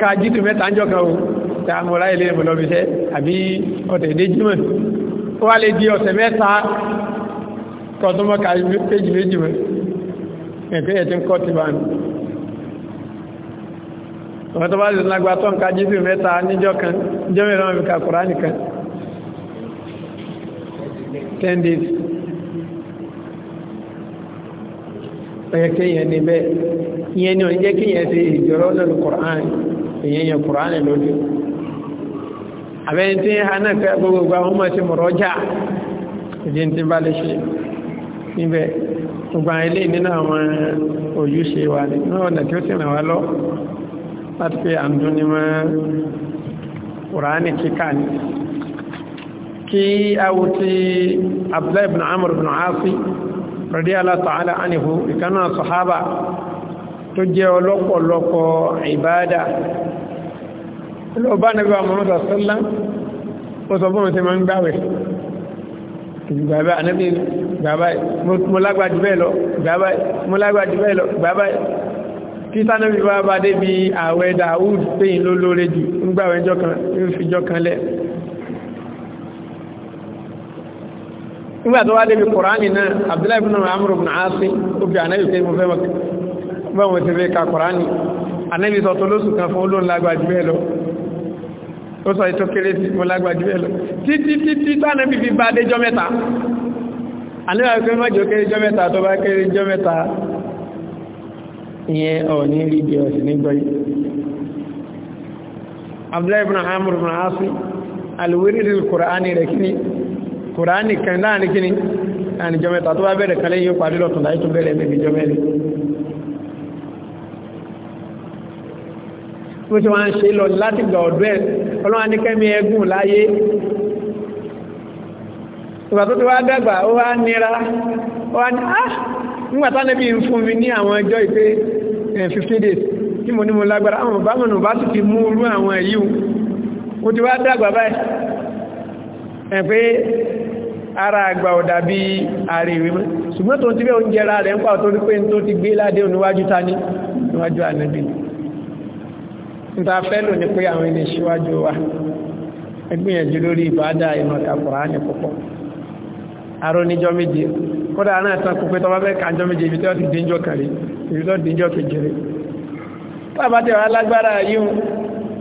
ka ọ̀sẹ̀ àmọ́ra ilé ìmọ̀lọ́bíṣẹ́ àbí ọ̀tẹ̀ ìdéjìmọ̀ ó wá lè di ọ̀sẹ̀ mẹ́ta tọ́túnmọ́ka méjì méjì mọ́ ẹ̀kọ́ ẹ̀ tí ń kọ́ ti bá ní ọ̀tọ́ bá lè lágbà tó ń ka jísù mẹ́ta níjọ́ kan jẹ́ mẹ́rin ọmọ ni ò ní jẹ́ kéèyàn ṣe ìjọ́rọ́ lórí yẹn kùrán lójú àbẹ́yìn tí hana fẹ́ gbogbo àwọn ọmọ ti mọ̀rọ̀ jà ìdí tí bá lè ṣe níbẹ̀ gbogbo àwọn ilé nínú àwọn òyúṣe wa nínú ọ̀nà tí ó sì ràn wá lọ láti pé à ní mọ́ Kùránì kíkà ni kí awo ti Abdullahi ibn Amr ibn Asi radiyallahu ta'ala anhu ìkànnà sahaba tó jẹ́ ọlọ́pọ̀lọpọ̀ ìbádà lọ bá nẹ́bí wa mọ́mọ́ta sọ́lá ó sọ fún ọ̀tẹ́ ma ń gbáwẹ̀ kí sánàbí bá bá dé bí àwẹ̀ Dáúdù pèyìn ló lóore jù ń gbàwẹ̀ jọkan ń fi jọkan lẹ́ nígbà tó wá dé bí Kùránì náà Abdullahi ibn Amr ibn Asim ó bí ànábì pé mo fẹ́ mọ́ báwọn ti fẹ́ ka Kùránì ànábì sọ tó lóṣù kan fún olóńlágbà jù bẹ́ẹ̀ lọ ó sọ ètò kéré sí mo lágbàjú ẹ lọ títí títí tánà bíbí bá dé jọ mẹ́ta àníwá pé mọ́jọ kéré jọ mẹ́ta tó bá kéré jọ mẹ́ta ìyẹn ọ̀ ní rí bí ọ̀sìn nígbọ́ yìí abdullahi ibn amr ibn asi alwiri lil qur'ani rẹ̀ kíni qur'ani kan láàrin kíni láàrin jọ mẹ́ta tó bá bẹ̀rẹ̀ kan lẹ́yìn yóò parí lọ́tún láì tó bẹ̀rẹ̀ mẹ́bí jọ mẹ́rin bó ṣe ṣe lọ láti gbà ọ̀dọ́ ẹ̀ ọlọ́wà ní kẹ́mi ẹgùn láyé ìgbà tó ti wá dàgbà ó wá nira ó wá ní á ah! nígbà níbi ń mi ní àwọn ọjọ́ ìpé 15 days tí mo ní mo lágbára àwọn bàbá mọ̀nà bá sì ti mú irú àwọn èyí ó ti wá dàgbà báyìí ẹ̀ ara àgbà ọ̀dà bí ààrẹ ìwé mọ́ ṣùgbọ́n tó ti bẹ́ oúnjẹ ra rẹ̀ ń pàtó wípé tó níta fẹ́ lò ní pé àwọn ilé ṣíwájú wa ẹgbìyànjú lórí ìbádà ìmọ̀ta Kùránì púpọ̀ aró méje kódà náà tán kó pé ka méje ibi tó ti díjọ́ kàrí ibi tó díjọ́ kejìrì tábà tẹ̀wọ́ alágbára yíò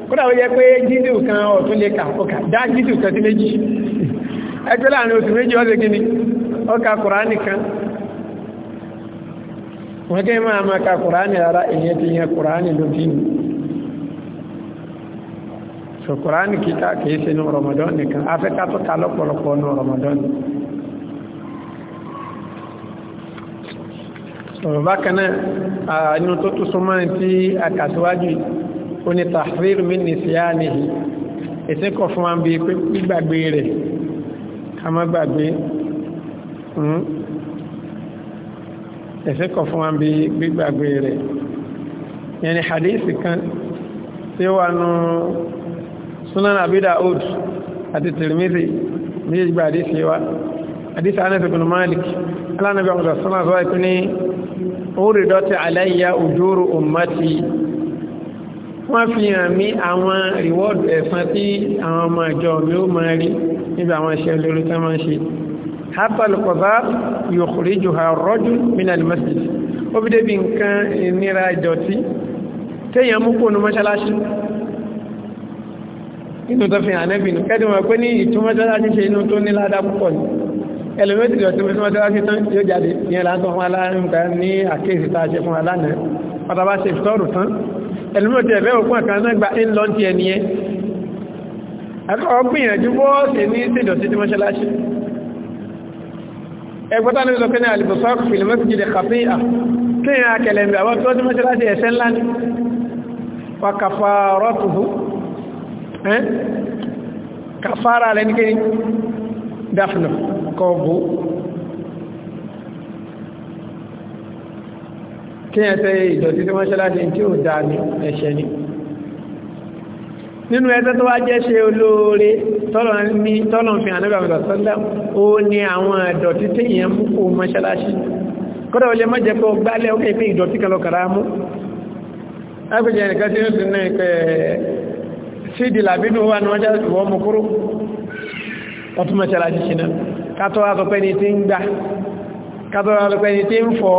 kódà ó yẹ pé jíndù kan ọ̀tún lè kà dá jíndù kan sí méjì ẹgbẹ́ láàrin oṣù méjì ti so Kùránì kita kìí ṣe ní Ramadan nìkan afẹ́ká tó ta lọ́pọ̀lọpọ̀ ní Ramadan sọ̀rọ̀ bákanáà inú tó tó súnmọ́ tí a kàtíwájú ó ní tahrir min nisyanihi ìsìnkọ̀ fún wa bí gbígbàgbé rẹ̀ ká má gbàgbé hmm? ẹ̀sẹ̀kọ̀ fún wa bí gbígbàgbé rẹ̀ yẹni hadith kan tí ó wà sunan abi daud àti tirmidhi méjì gba àdísì wa àdísì anas ibn malik alánàbí ọ̀dọ̀ sọ́nà sọ́wọ́ ikú ní orí dọ́tí aláyà ujuru ummati wọ́n fi hàn mí reward ẹ̀san tí àwọn ọmọ ìjọ mi ó máa rí níbi àwọn iṣẹ́ lórí tó máa ń ṣe hatta alqadha yukhrijuha ar-rajul min al-masjid ó bí débi nǹkan ìnira ìdọ̀tí téèyàn mú kó nu mọ́ṣáláṣí inú tó fi hàn nẹ́bì nù kẹ́dùn pé ní ìtumọ́tẹ́láṣí ṣe inú tó ní ládá púpọ̀ ní ẹlòmẹ́tì lọ tí ìtumọ́tẹ́láṣí tán yóò jáde yẹn látọ̀ fún aláàrínká ní àkéèsì tá a ṣe fún alánà pátábá ṣe ìtọ́rù tán ẹlòmẹ́tì ẹ̀fẹ́ òkú àkàn náà gba ń lọ ti ẹni yẹn akọ́kọ́ gbìyànjú bọ́ọ̀sì ní ìsìndọ̀sí tí mọ́ṣáláṣí ẹgbọ́ta ní ìlọ́pẹ́ ní alìbùsọ́ọ̀kù fìlìmọ́sì jìdì kàfíà kí ni akẹlẹ̀ ìgbàwọ́ tó ti kàfàrà rẹ̀ ní kí dáfnà kọ́ bó kí ẹ tẹ́ ìdọ̀tí tí wọ́n ṣe láti tí ó dáa ní ẹ̀ṣẹ̀ ni nínú ẹ̀ṣẹ̀ tó wá jẹ́ ṣe olóore tọ́lọ̀ fi ànábà mẹ́ta sọ́lá ó ní àwọn ìdọ̀tí tí ìyẹn mú kó mọ́ṣáláṣí kọ́dọ̀ olè mọ́jẹ́ pé ó gbálẹ̀ ó kẹ́ ìdọ̀tí kan lọ kàrá mú sídì làbínú wà ní ọjọ́ ìwọ̀n mú kúrò ọtún mẹ́sẹ̀lá jíṣẹ́ náà kátọ́ àtọ́pẹ́ ni tí ń gbà kátọ́ àtọ́pẹ́ ni tí ń fọ́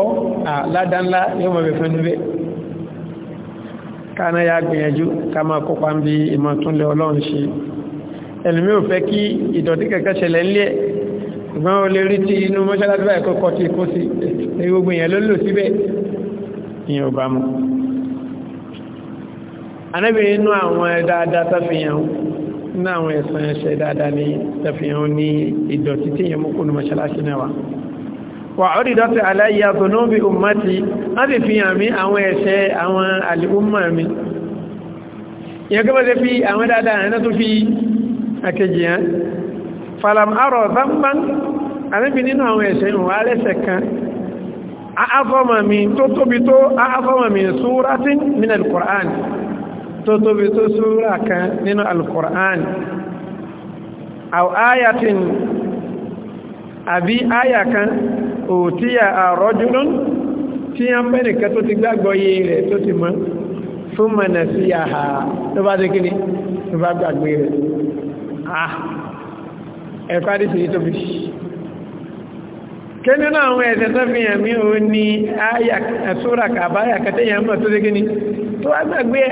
àládánlá yóò mọ̀ bẹ̀fẹ́ níbẹ̀ káná ya gbìyànjú ká máa kópa ń bí ìmọ̀ tún lẹ ọlọ́run ṣe ẹlùmí ò fẹ́ kí ìdọ̀tí kẹ̀kẹ́ ṣẹlẹ̀ ńlẹ̀ ṣùgbọ́n o lè rí ti inú mọ́ṣáláṣí báyìí kó anábì inú àwọn dáadáa tàfihàn inú àwọn ẹ̀sàn ẹ̀ṣẹ̀ dáadáa ní tàfihàn ní ìdọ̀tí tí yẹn mọ́kúnnù mọ́ṣálásí náà wà wà ọ̀rí dọ́tẹ̀ aláyíyá tó ummati wọ́n ti fi hàn mí àwọn ẹ̀ṣẹ̀ àwọn àlìúmọ̀ mi yẹn kí wọ́n ti fi àwọn dáadáa ẹ̀nà tó fi àkejì hàn falam arọ̀ zamban anábì nínú àwọn ẹ̀ṣẹ̀ ìwọ̀n alẹ́sẹ̀ kan àáfọ́mọ̀ mi tó tóbi tó mi súratin min al-Qur'an tó tóbi tó súra kan nínú alkùrán àwọn ayatin àbí aya kan òtíyà àrọ́júlún tí a ń bẹ́ nìkan tó ti gbàgbọ́ yé rẹ̀ tó ti mọ́ fún mọ̀nà sí àhà tó bá dékí ni tó bá gbàgbé rẹ̀ ah ẹ̀kọ́ àdìsí yìí tóbi kí nínú àwọn ẹ̀sẹ̀ tó fi hàn mí òun ni àyà sóra kàbáyà kẹtẹ́yà tó dékí ni tó wá gbàgbé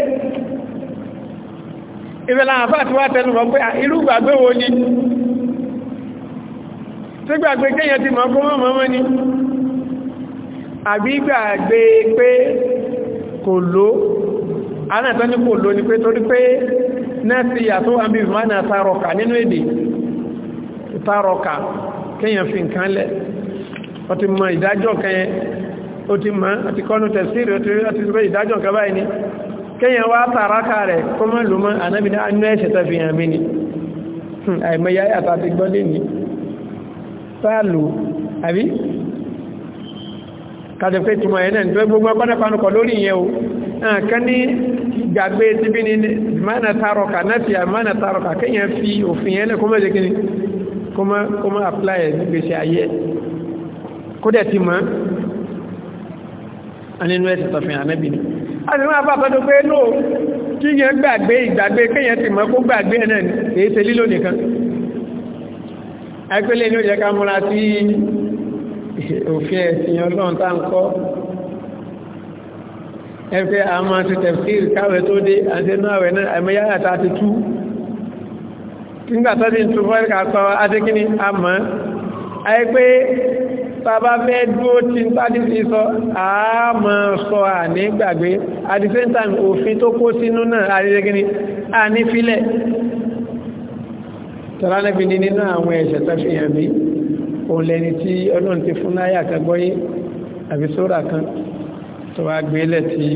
ìrẹ̀lá àfáà tí wá tẹnu mọ́ pé irú gbàgbé wo ni tí gbàgbé kéyàn ti mọ́ kó mọ́ mọ́ ni àbí gbàgbé pé kò ló anàtọ́ ní kò ló ni pé torí pé náà ti yàtọ̀ àmì ìmánà tààrọ̀kà nínú èdè tààrọ̀kà kéyàn fi nǹkan lẹ̀ ó ti mọ ìdájọ́ kéèyàn wá tààrákà rẹ̀ kó mọ́ lò mọ́ ànábì ní anú ẹ̀ṣẹ̀ tó fi hàn mí ni hmm, àìmọye àtàtì gbọ́dé ni sáà lò àbí kàtẹ̀ pé túnmọ̀ ẹ̀ náà tó gbogbo ọgbọ́nàpanukọ̀ lórí ìyẹn o kan ní gbàgbé tí bí ní mana tààrọ̀kà náà mọ́ jẹ́kíní kó mọ́ tọ̀fin ànábì àtìmọ́ àbábọ́dọ̀ pé ló kí yẹn gbàgbé ìgbàgbé kéyàn ti mọ́ kó gbàgbé ẹ̀nà èyí tẹ lílò nìkan ẹgbẹ́lẹ̀ ní ó jẹ́ ká múra sí òfin ẹ̀sìn ọlọ́run tá ń kọ́ ẹgbẹ́ àwọn àti tafsir káwẹ̀ tó dé àti inú àwẹ̀ náà àmìyára ta ti tú nígbà tó ti ń tu fọ́ẹ̀ká kọ́ adékíní àmọ́ ẹgbẹ́ bàbá fẹ́ dúró tí ń tádìsí sọ àmọ́ sọ àní gbàgbé at the same time òfin tó kó sínú náà àrídẹ́gíní àní fílẹ̀ tọ́lánẹ́bí ní nínú àwọn ẹ̀ṣẹ̀ tọ́fihàn bí òun lẹni tí ọlọ́run ti fún láyà kan gbọ́yé àbí sóra kan tó wá gbélẹ̀ tí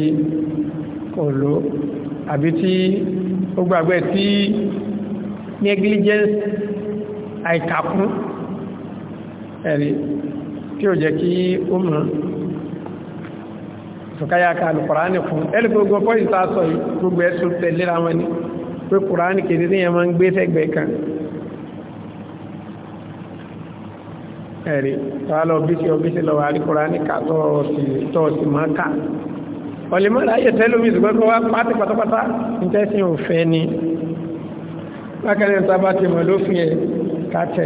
kò lò àbí tí ó gbàgbé tí negligence àìkàkún ẹ̀rí tí ó jẹ́ kí ó mọ̀ tùkáyàká alùkùránì fún ẹlùgbogbo pọ́yì sáàsọ̀ gbogbo ẹ̀sùn tẹ̀léra wọn ni pé kùránì kìí ní ẹmọ ń gbé sẹ́gbẹ̀ẹ́ kan ẹ̀rí tọ́lọ bíṣẹ́ ọbíṣẹ́ lọ wà rí kùránì ká tọ́ọ̀sì máa ká ọ̀lẹ́mọ́lá ayé tẹ́lómi ìsìnkú wá pátí pátápátá ń tẹ́sìn òfẹ́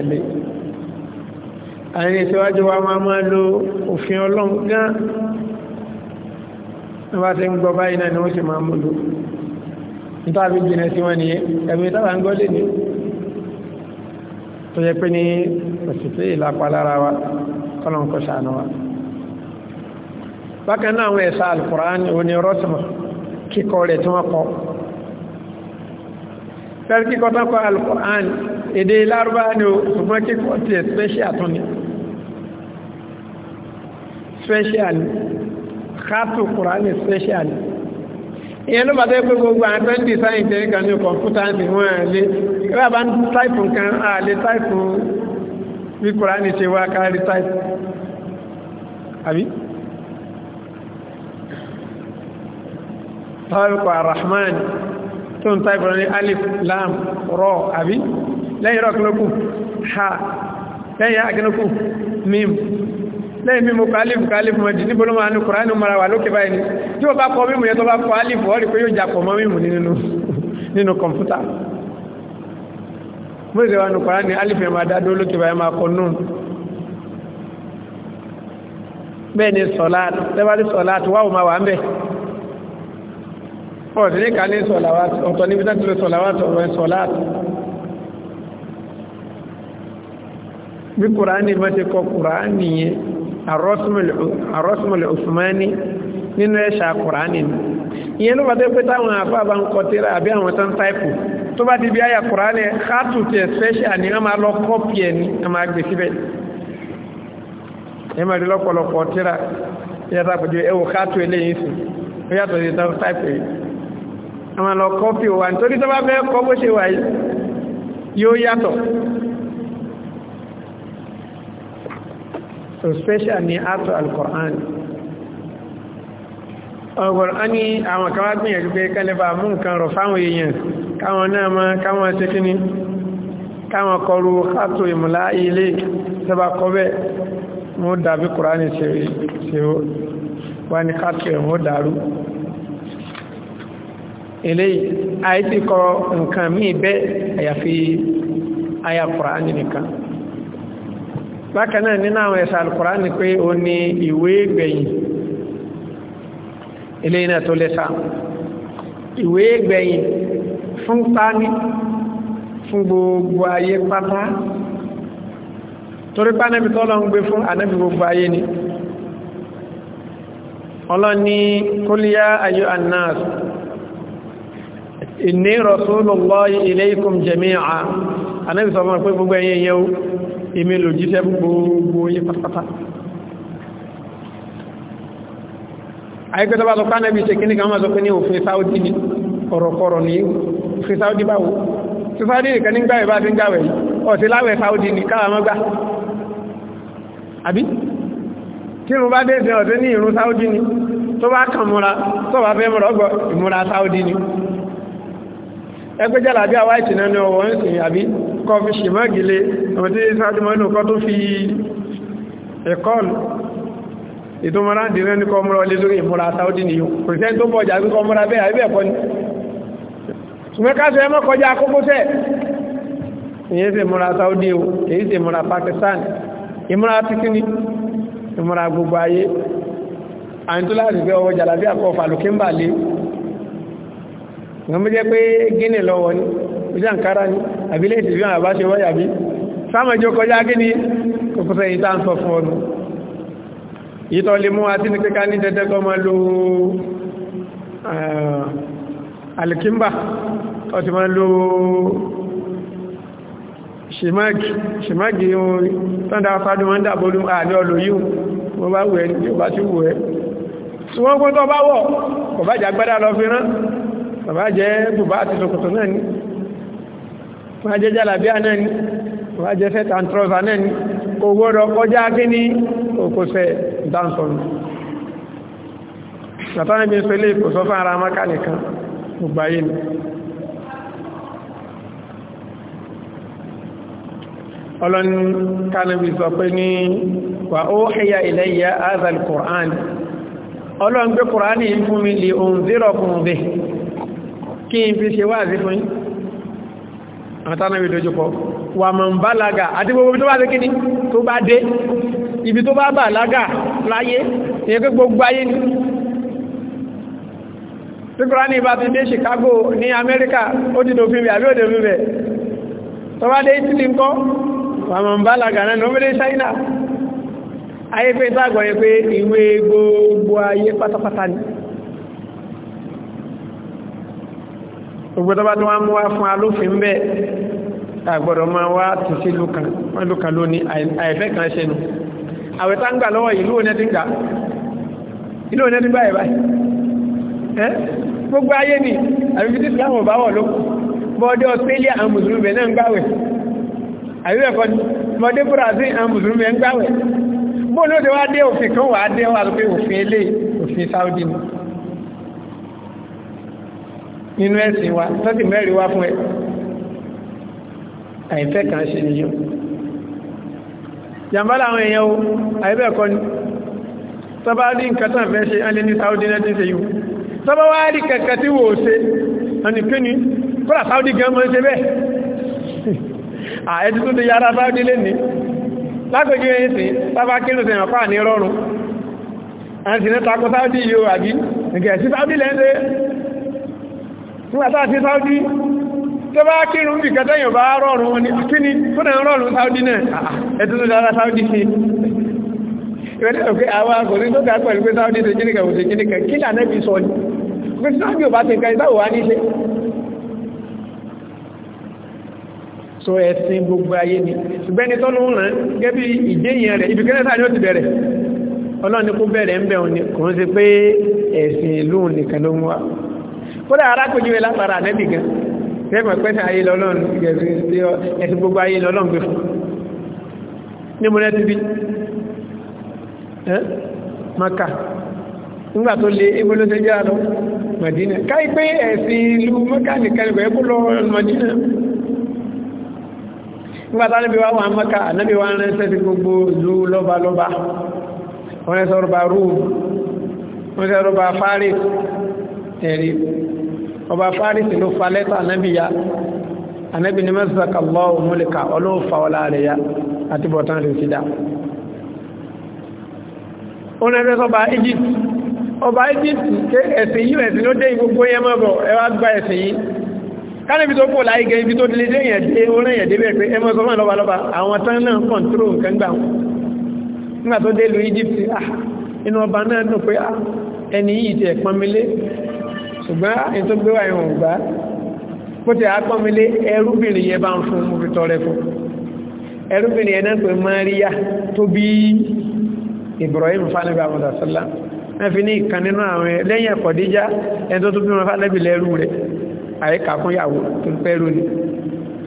ni àwọn ìṣẹ́wájú wa máa máa lo òfin ọlọ́run gán wọ́n bá ti ń gbọ́ báyìí náà ni wọ́n sì máa mú lò nítàbí jìnà sí wọn nìyẹn ẹ̀mí tábà ń gọ́lé ní tó yẹ pé ní òṣìṣẹ́ ìlàpá lára wa kọ́lọ̀n kọ́ sànú wa bákan náà àwọn ẹ̀sà alkùránì òní rọ́tìmọ̀ kíkọ rẹ̀ tí wọ́n kọ́ pẹ́ẹ́rẹ́ kíkọ́ tán kọ́ alkùránì èdè lárúbáwá ni ó ṣùgbọ́n kíkọ́ tiẹ̀ spẹ́ṣíà tún special kátù kùránì special ìyẹn ló bá tẹ́ pé gbogbo àwọn twenty sáyẹn tẹ́rí kan ní kọ̀ǹpútà ní wọ́n à lé ìwé àbá ń táìpù kan à lé táìpù bí kùránì ṣe wá kárí táìpù àbí táìpù arahman tó ń táìpù alif lam rọ àbí lẹ́yìn rọ́ọ̀kì lókù ha lẹ́yìn akínókù mim lẹ́yìn mímú kọ alif kọ alif mọ̀jì níbo ló máa ní kùránì mara wà lókè báyìí tí ó bá kọ mímú yẹn tó bá kọ alif ó rí pé yóò jà pọ̀ mọ́ mímú nínú kọ̀mpútà mọ́sẹ̀ wà ní kùránì alif yẹn máa dádó lókè báyìí máa kọ nù bẹ́ẹ̀ ni sọ̀láàtù tẹ́wàlì sọ̀láàtù wáwò máa wà ń bẹ̀ ọ̀tí ní ká bí kùránì bá ti kọ kùránì yẹn àrọ́sùmọ̀lẹ̀ òsùmánì nínú ẹ̀ṣà kùránì ìyẹn ló bá tó pé táwọn àfá bá ń kọ tíra àbí àwọn tán táìpù tó bá ti bí àyà kùránì hátù ti ẹ̀sẹ̀ṣà ni a máa lọ kọ́pì ẹ̀ ní a máa gbé síbẹ̀ ẹ máa rí lọ́pọ̀lọpọ̀ tíra yàtà pẹ̀lú ẹwò hátù eléyìí sí ó yàtọ̀ sí tán táìpù yìí Especially after al-Qur'an ọgbọ̀rọ̀ a ní àwọn kan wá gbìyànjú pé kálẹ́bà mú nǹkan rọ̀ fáwọn èèyàn káwọn náà ma káwọn ṣe kíní káwọn kọrù hátò ìmúlá ilé sọba kọ́bẹ̀ mú dàbí kùránì ṣe wá ní hátò ìmú dàrú ilé àìsíkọ nǹkan míì bẹ́ àyàfi aya kùránì nìkan bákan náà nínú àwọn ẹ̀sà alukùránì ni pé ó ní ìwé gbẹ̀yìn ilé iná tó lẹ́sà ìwé gbẹ̀yìn fún páni fún gbogbo ayé pátá torí pánábi tọ́lọ ń gbé fún ànábi gbogbo ayé ni ọlọ́ni kúlíyá ayú annas inni rasulullahi ilaykum jami'a ànábi sọ fún èmi lò jíṣẹ́ gbogbo yí pátápátá àyíkẹ́tọ́ bá sọ pánẹ́bí ṣe kí ní kan máa sọ pé ní ni, sáúdí Saudi ọ̀rọ̀kọ̀rọ̀ ní òfin sáúdí báwo tí sáúdí nìkan ní gbáwẹ̀ bá ti ń gbáwẹ̀ ọ̀sẹ̀ láwẹ̀ ni ní káwà mọ́ gbá àbí tí irun bá dé ìsìn ọ̀sẹ̀ irun sáúdí ni tó bá kàn múra tó bá fẹ́ múra ọgbọ̀ ìmúra sáúdí ni ẹgbẹ́jẹ́ làbí àwáìtì náà ní ọwọ́ ń sìn kọ́ fi ṣe mọ́gílé àwọn tí sáájú mọ́ inú kọ́ tó fi ẹ̀kọ́lù ètò mọ́ra ń dìrẹ́ ní kọmọ́ra olè lórí ìmúra Saudi ni yóò kò sẹ́ni tó bọ̀jà sí kọmọ́ra bẹ́ẹ̀ àbí ẹ̀kọ́ ni ṣùgbẹ́kásọ ẹmọ́ Saudi o èyí sì múra Pakistan ìmúra pikini ìmúra gbogbo ayé àyíntúláàrí fẹ́ ọwọ́ jàlábí àkọ́ fàlùkímbà lé ìgbàmọ́jẹ́ pé Guinea lọ́wọ́ ni ìjànkára ni àbí lè tìbí àwọn àbáṣe wọ́yà bí sáàmàjò kọjá kí ni kòkòsẹ̀ yìí tá ń sọ fún ọnù yìí lè mú àti ní kíká ní tẹ́tẹ́ kọ́ máa lo eh, alikimba ọ ti máa lo ṣìmáàgì ṣìmáàgì tọ́ndà fádùn wọ́n dàbólú àní ọlò yíò wọ́n bá wù ẹ́ ní ọba tí wù ẹ́ tí wọ́n kó tọ́ bá wọ̀ kò jẹ́ bùbá àti ṣòkòtò náà ní wọ́n jẹ́ jàlàbíà náà ni wọ́n jẹ́ set and trouser náà ni kò gbọ́dọ̀ kọjá kí ní òkòsẹ̀ dáńsọ̀nù látàrí bí sọ ilé ìkòsọ́ fún ara maka nìkan gbogbo ayé kánàbí sọ pé ní wà ó hìyà ilayya azal Qur'an ọlọ́ni pé Qur'an yìí fún mi lè ohun zero kùn kí n fi ṣe wáàzí fún yìí àtànàbí dojúkọ wà mọ̀ ń bálága àti gbogbo ibi tó bá dékíní tó bá dé ibi tó bá bàlága láyé ìyẹn pé gbogbo ayé ni tí kúránì bá ti dé Chicago ní Amẹ́ríkà ó ti dòfin rẹ̀ àbí òdòfin rẹ̀ tó bá dé Italy ńkọ́ wà mọ̀ ń bálága náà ní China ayé pé tágbọ̀ yẹ pé ìwé gbogbo ayé pátápátá ni gbogbo tó bá tí wọ́n fún alófin wá ti sí lùkàn wọ́n lùkàn lónìí kan gbogbo ayé ni àbí fi tíṣù láwọn wọ̀ ló bọ́ọ̀dé Australia àwọn mùsùlùmí náà ń gbàwẹ̀ àbí ẹ̀kọ́ ni bọ́ọ̀dé Brazil àwọn mùsùlùmí ń gbàwẹ̀ bóòlù ó dé òfin kan wà á dé nínú ẹ̀sìn wa tọ́tì mẹ́rin wá fún ẹ àìfẹ́ kan ṣe níyọ jàmbá láwọn èèyàn o àìbẹ̀ kọ́ ni tọ́bá ní nǹkan tán fẹ́ ṣe alẹ́ ní Saudi náà ti ṣe yìí tọ́bá wá rí kẹ̀kẹ́ tí wò ṣe ọ̀nà pé ní kọ́lá Saudi gan mọ́ ṣe bẹ́ẹ̀ <laughs> àẹ́tí tó ti yára Saudi lé ní lágbègbè ẹ̀yìn sí tọ́bá kí ló ṣe hàn pàà ní rọrùn ní takọ Saudi yóò àbí Saudi lẹ́ńdẹ́ nígbàtá ti tó bá kírun bí kẹtẹ́yìn bá rọrùn wọn kí ni fún ẹ̀rọ rọrùn Saudi náà ah, ah, ẹ̀tún tó dára Saudi ṣe ìrẹ́lẹ̀ àwọn akọ̀rí tó ga pẹ̀lú pé Saudi ṣe jíníkà kò ṣe jíníkà kí là nẹ́bí sọ ni kó bẹ̀rẹ̀ ń bẹ̀rùn kò ń ṣe pé ẹ̀sìn ìlú nìkan ló mú wa kódà arákùnrin látara ànẹ́bì gan tẹ́mọ̀ pẹ́sẹ̀ ayé lọ́lọ́run ẹ̀sìn gbogbo ayé lọ́lọ́run gbé fún ní mo rẹ́tí bí maka nígbà tó lé ebolo tó jẹ́ àlọ́ Madina káyí pé ẹ̀sìn ìlú maka nìkan ìgbà ẹkú lọ Madina nígbà tó níbi wá wà maka ànẹ́bì wá rẹ́sẹ̀ sí gbogbo ìlú lọ́ba lọ́ba wọ́n rẹ́sọ̀rọ̀ bá rúù wọ́n rẹ́sọ̀rọ̀ bá fárẹ̀ ẹ̀rí ọba fárísì ló fa lẹ́tà anábì ya anábì ní mẹ́sàkà lọ́wọ́ múlìkà ọlọ́ọ̀fà ọlá rẹ̀ ya àti bọ̀tán rẹ̀ sí dá Egypt ọba Egypt ké ẹ̀sìn yìí ẹ̀sìn ló dé gbogbo yẹn mọ́ bọ̀ ẹ wá gba ẹ̀sìn yìí kánàbí tó kò láyé gẹ ibi tó dilé dé yẹn dé orin yẹn débẹ̀ pé ẹ mọ́ sọ fún lọ́balọ́ba àwọn tán náà kọ̀ǹtúrò nǹkan gbà wọn nígbà tó dé lu Egypt ah, inú ọba náà dùn pé ah, ẹni yìí ti ẹ̀pọ̀n ṣùgbọ́n ẹni tó gbé wà ìwọ̀n gbá bó ti àpọ́mílé ẹrúbìnrin yẹn bá ń fún mú fi tọrẹ fún ẹrúbìnrin yẹn pé Maria tó bí Ibrahim fanibà mọ̀tàsọ́lá wọ́n fi ní ìkan nínú àwọn lẹ́yìn ẹ̀kọ̀díjá ẹni tó tó bí wọn fánẹ́bì lẹ́rú rẹ̀ àyíká fún ìyàwó tó ni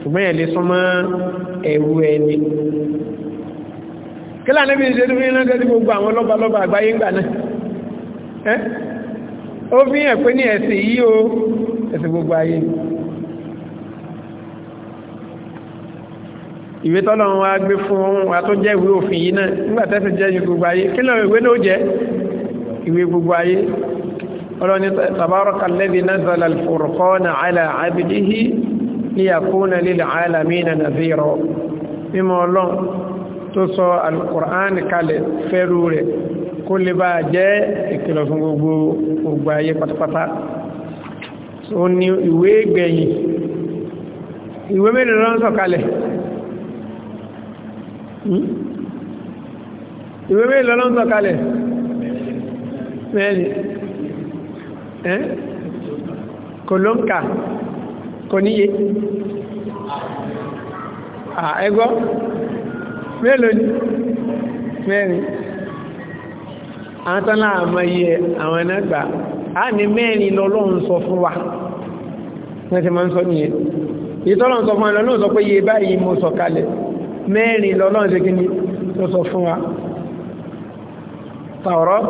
ṣùgbọ́n ẹ̀ lè súnmọ́ ẹ̀rú ẹni kí lànà bí ó fi hàn pé ní ẹ̀sìn yìí o ẹ̀sìn gbogbo ayé ìwé tọ́lọ̀ wa gbé fún wa tó jẹ́ ìwé òfin yìí náà nígbà tẹ́sìn jẹ́ ìwé gbogbo ayé kí lọ́wọ́ ìwé náà jẹ́ ìwé gbogbo ayé ọlọ́ni tabaraka alladhi nazala al-furqana ala abdihi liyakuna lil alamina nadhira mímọ́ ọlọ́n tó sọ al kalẹ̀ fẹ́rù rẹ̀ kó lè bá jẹ́ ìkìlọ̀ fún gbogbo gbogbo ayé pátápátá ó ní ìwé gbẹ̀yìn ìwé mélòó ló ń sọ̀kalẹ̀ hmm? ìwé mélòó ló ń sọ̀kalẹ̀ mẹ́rin ẹ́ kò ló ń kà kò níye ẹgbọ́ mélòó mẹ́rin àwọn tán láàmọ́ iye àwọn ẹnẹ́gbà a ní mẹ́rin lọ́lọ́run sọ fún wa wọ́n ti máa ń sọ nìyẹn ìtọ́lọ́run sọ fún ẹlọ́lọ́run sọ pé tó sọ fún wa Taurat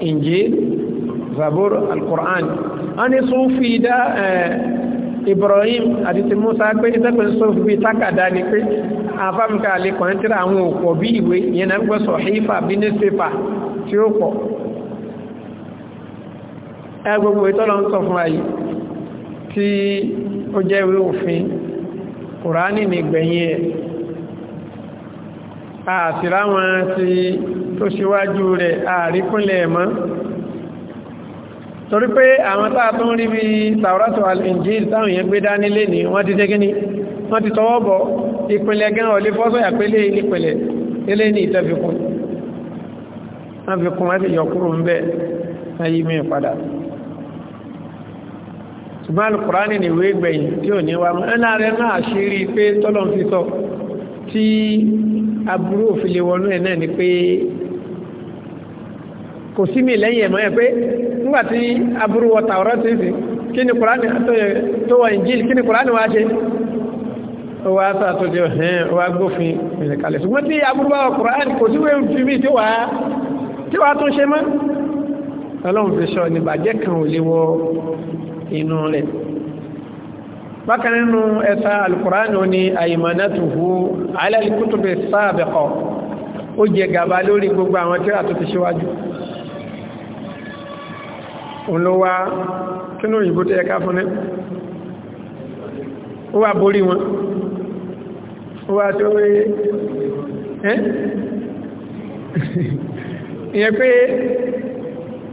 Injil Zabur Al-Qur'an a ní Sufi dá Ibrahim àti ti Musa pé ìtẹ́pẹ̀ Sufi bí tákàdá ni pé àfáàmìkà àlekọ̀ọ́ntìrà àwọn òpó bí ìwé ìyẹn náà gbọ́ sọ̀hífà bí newspaper tí ó pọ̀ ẹ gbogbo ìtọ́lọ ń sọ fún ayé tí ó jẹ́ ìwé òfin kùránì ní gbẹ̀yìn ẹ̀ àtìláwọn ti tó ṣíwájú rẹ̀ àríkúnlẹ̀ mọ́ torí pé àwọn táà tó ń rí bí Tauratu al-Injil táwọn èèyàn gbé dání lé ní wọ́n ti dé gíní wọ́n ti tọwọ́ bọ̀ ìpínlẹ̀ gan ọ̀lẹ́fọ́sọ̀yà pélé ìpínlẹ̀ ilé ní ìtẹ́fikún wọ́n fi kún wọ́n sì yọkúrò ń bẹ́ ayé mi padà ṣùgbọ́n alukurani ni ìwé gbẹ̀yìn tí ò ní wa mọ́ ẹ̀ náà rẹ̀ náà ṣírí pé tọ́lọ̀ fi sọ tí aburú òfin lè wọnú ẹ̀ náà ni pé kò sí mi lẹ́yìn ẹ̀mọ́ ẹ̀ pé nígbà tí aburú wọ tàwọ́rọ́ ti sìn kí ni kurani tó wọ injil kí ni kurani wá ṣe ó wá sàtúnṣe ọ̀hìn ó wá gbófin ìrìnkalẹ̀ ṣùgbọ́n tí aburú bá wọ kurani kò sí fi mí tí wàá tí wàá tún ṣe mọ́ ọlọ́run fi sọ ní bàjẹ́ kan ò lè wọ inú rẹ̀ bákan nínú ẹ̀ta alukuraani ni aymanatuhu ala alkutubi sabiqa ó jẹ gàba lórí gbogbo àwọn tírà tó ti ṣíwájú òun ló wá kínú òyìnbó tó yẹ ká fún ní ó wá borí wọn ó wá tó rí ẹ́ ìyẹn pé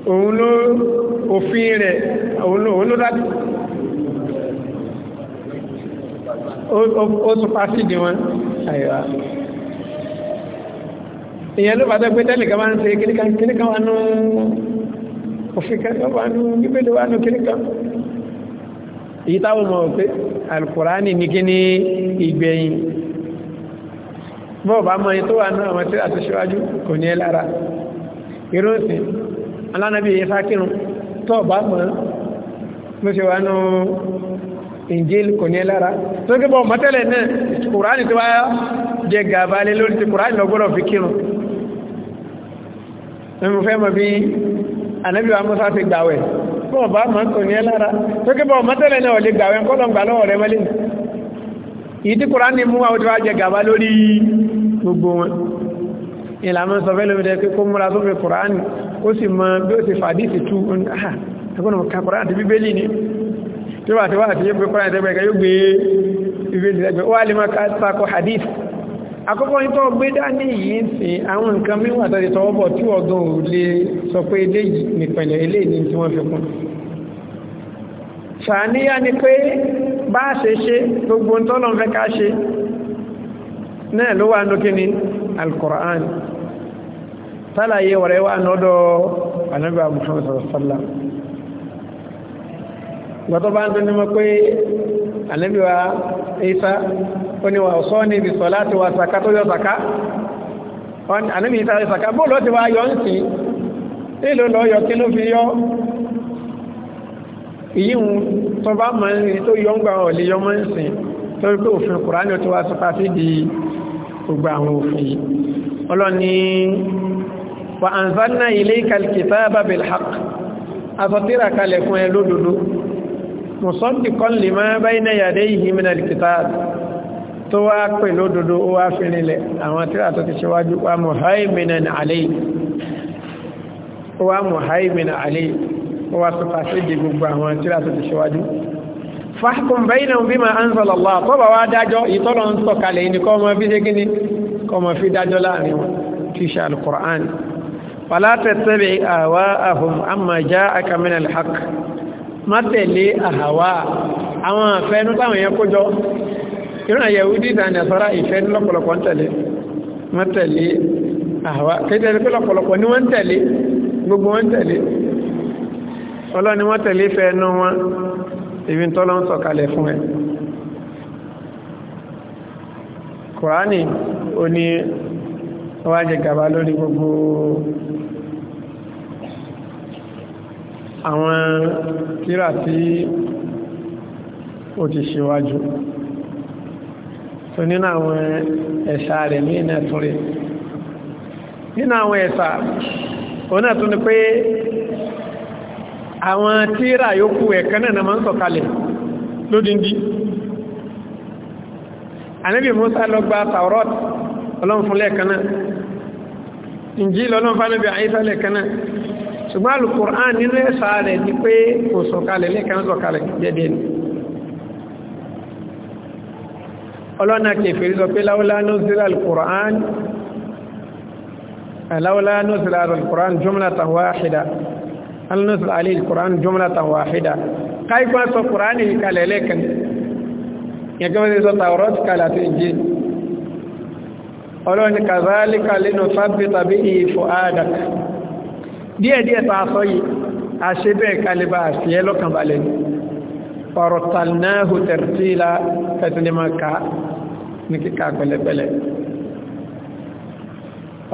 òun ló òfin rẹ̀ òun ló dájú ó tún pàṣídì wọn àyíwá ìyẹn ló bàtọ́ pé tẹ́lẹ̀ kan máa ń ṣe kíníkan wà nú òfin kan wà nú bíbélì wà nú kíníkan èyí táwọn ọmọ òpé alukùránì ní kíní ìgbẹ̀yìn bọ́ọ̀ bá mọ́ ẹni tó wà nú àwọn tí a ti ṣíwájú kò ní ẹ lára ìrọ́sìn alánàbí ìsákírun tó bá mọ́ ló ṣe wà ní Injil kò ní lára tó gẹ́bọ̀ mọ́tẹ́lẹ̀ náà kùránì tó wá jẹ gàbà lé lórí ti kùránì lọ́gbọ́rọ̀ fi kírun ẹmù fẹ́ mọ̀ bí anábí wa mọ́sá ti gbàwẹ̀ tó bá mọ́ kò ní lára tó gẹ́bọ̀ mọ́tẹ́lẹ̀ náà lè gbàwẹ̀ kọ́lọ̀ gbà lọ́wọ́ rẹ mọ́lẹ̀ yìí kùránì mú àwọn tó wá jẹ gàbà lórí gbogbo wọn ìlànà sọfẹ́lómìdẹ́ pé kó múra sófẹ́ kùránì ó sì mọ bí ó sì fàdísì tú ẹgbọ́n ọ̀ká kùránì àti bíbélì ni tí wà tí wà tí yóò gbé kùránì tẹ́gbẹ̀ẹ́ kan yóò gbé bíbélì tẹ́gbẹ̀ẹ́ ó wà lè máa tako hadith akọ́kọ́ pé ni pé bá ṣe ṣe gbogbo ń tọ́lọ́ fẹ́ ká ṣe náà ló wà ní kíni al-Qur'an sálàyé wọ̀rẹ́ wà nọ́dọ̀ anábíà Muhammad sọ̀rọ̀sọ́lá gbọ́tọ́ bá ń tún ní mọ́ pé anábíà Isa ó ní wà sọ́ ní ibi sọ̀lá ti wà sàká tó yọ sàká anábíà Isa yọ sàká bóòlù ti wá yọ ń sìn di gbogbo àwọn wa anzalna ilayka alkitaba bilhaqq asọ́tíra kalẹ̀ fún ẹ lódodo musaddiqan lima bayna yadayhi min alkitab tó wá pè lódodo ó wá fi nílẹ̀ àwọn tíra tó ti ṣíwájú wa muhaiminan alayhi wa muhaiminan alayhi wa sọpàṣẹ́jì gbogbo àwọn tíra tó ti ṣíwájú fahkum bainahum bima anzala Allah tó bá wá dájọ́ ìtọ́lọ̀ ń sọ̀kalẹ̀ ní kọ́ ọmọ fi ṣe gíní kọ́ ọmọ fi dájọ́ láàrin wọn tíṣà al-Qur'an fala tattabi ahwaahum amma ja'aka min al-haqq má tẹ̀lé àhàwá àwọn àfẹ́nú táwọn yẹn kójọ ìrìn Yahudi ìdáni àsọ́rá ìfẹ́nú lọ́pọ̀lọpọ̀ ń tẹ̀lé má tẹ̀lé àhàwá kéjẹ́ pé lọ́pọ̀lọpọ̀ ni wọ́n tẹ̀lé gbogbo wọn tẹ̀lé ọlọ́ni wọ́n tẹ̀lé fẹ́ẹ̀nú wọn ibi tọ́lọ́ ń sọ̀kalẹ̀ fún ẹ Kùránì àwọn tíra tí ó ti ṣíwájú tó nínú àwọn ẹ̀ṣà rẹ̀ ní iná tún rẹ̀ nínú àwọn ẹ̀ṣà òun náà tún ni pé àwọn tíra yòókù ẹ̀kan náà na máa ń sọ̀kalẹ̀ lódindi ànábì Musa lọ gba Taurat ọlọ́run fún lẹ́ẹ̀kan náà Injil ọlọ́run fún ànábì ṣùgbọ́n alukur'an nínú ẹ̀sà rẹ̀ ni pé kò sọ̀kalẹ̀ lẹ́kàn sọ̀kalẹ̀ jẹ́dẹ̀ ni ọlọ́nà kèfèrí sọ pé láwọ́lá nọ́sílá alukur'an láwọ́lá nọ́sílá alukur'an jumlatan wahida alnọ́sílá alẹ́ alukur'an jumlatan wahida káìkọ́ sọ kur'an ní kalẹ̀ lẹ́kàn yẹ́gbẹ́ sọ tàwọ́rọ́ kalẹ̀ àti Injil ọlọ́ni kazalika lẹ́nu sábẹ́ tàbí ìfọ̀ áàdàkà díẹ̀díẹ̀ tá a sọ yìí a ṣe bẹ́ẹ̀ kálíbà àti ẹ lọ́kànbalẹ̀ ni ọ̀rọ̀ tàlínáhù tẹ̀rẹ̀tìlá fẹ́tìlímà ká ní kíkà pẹ̀lẹ́pẹ̀lẹ́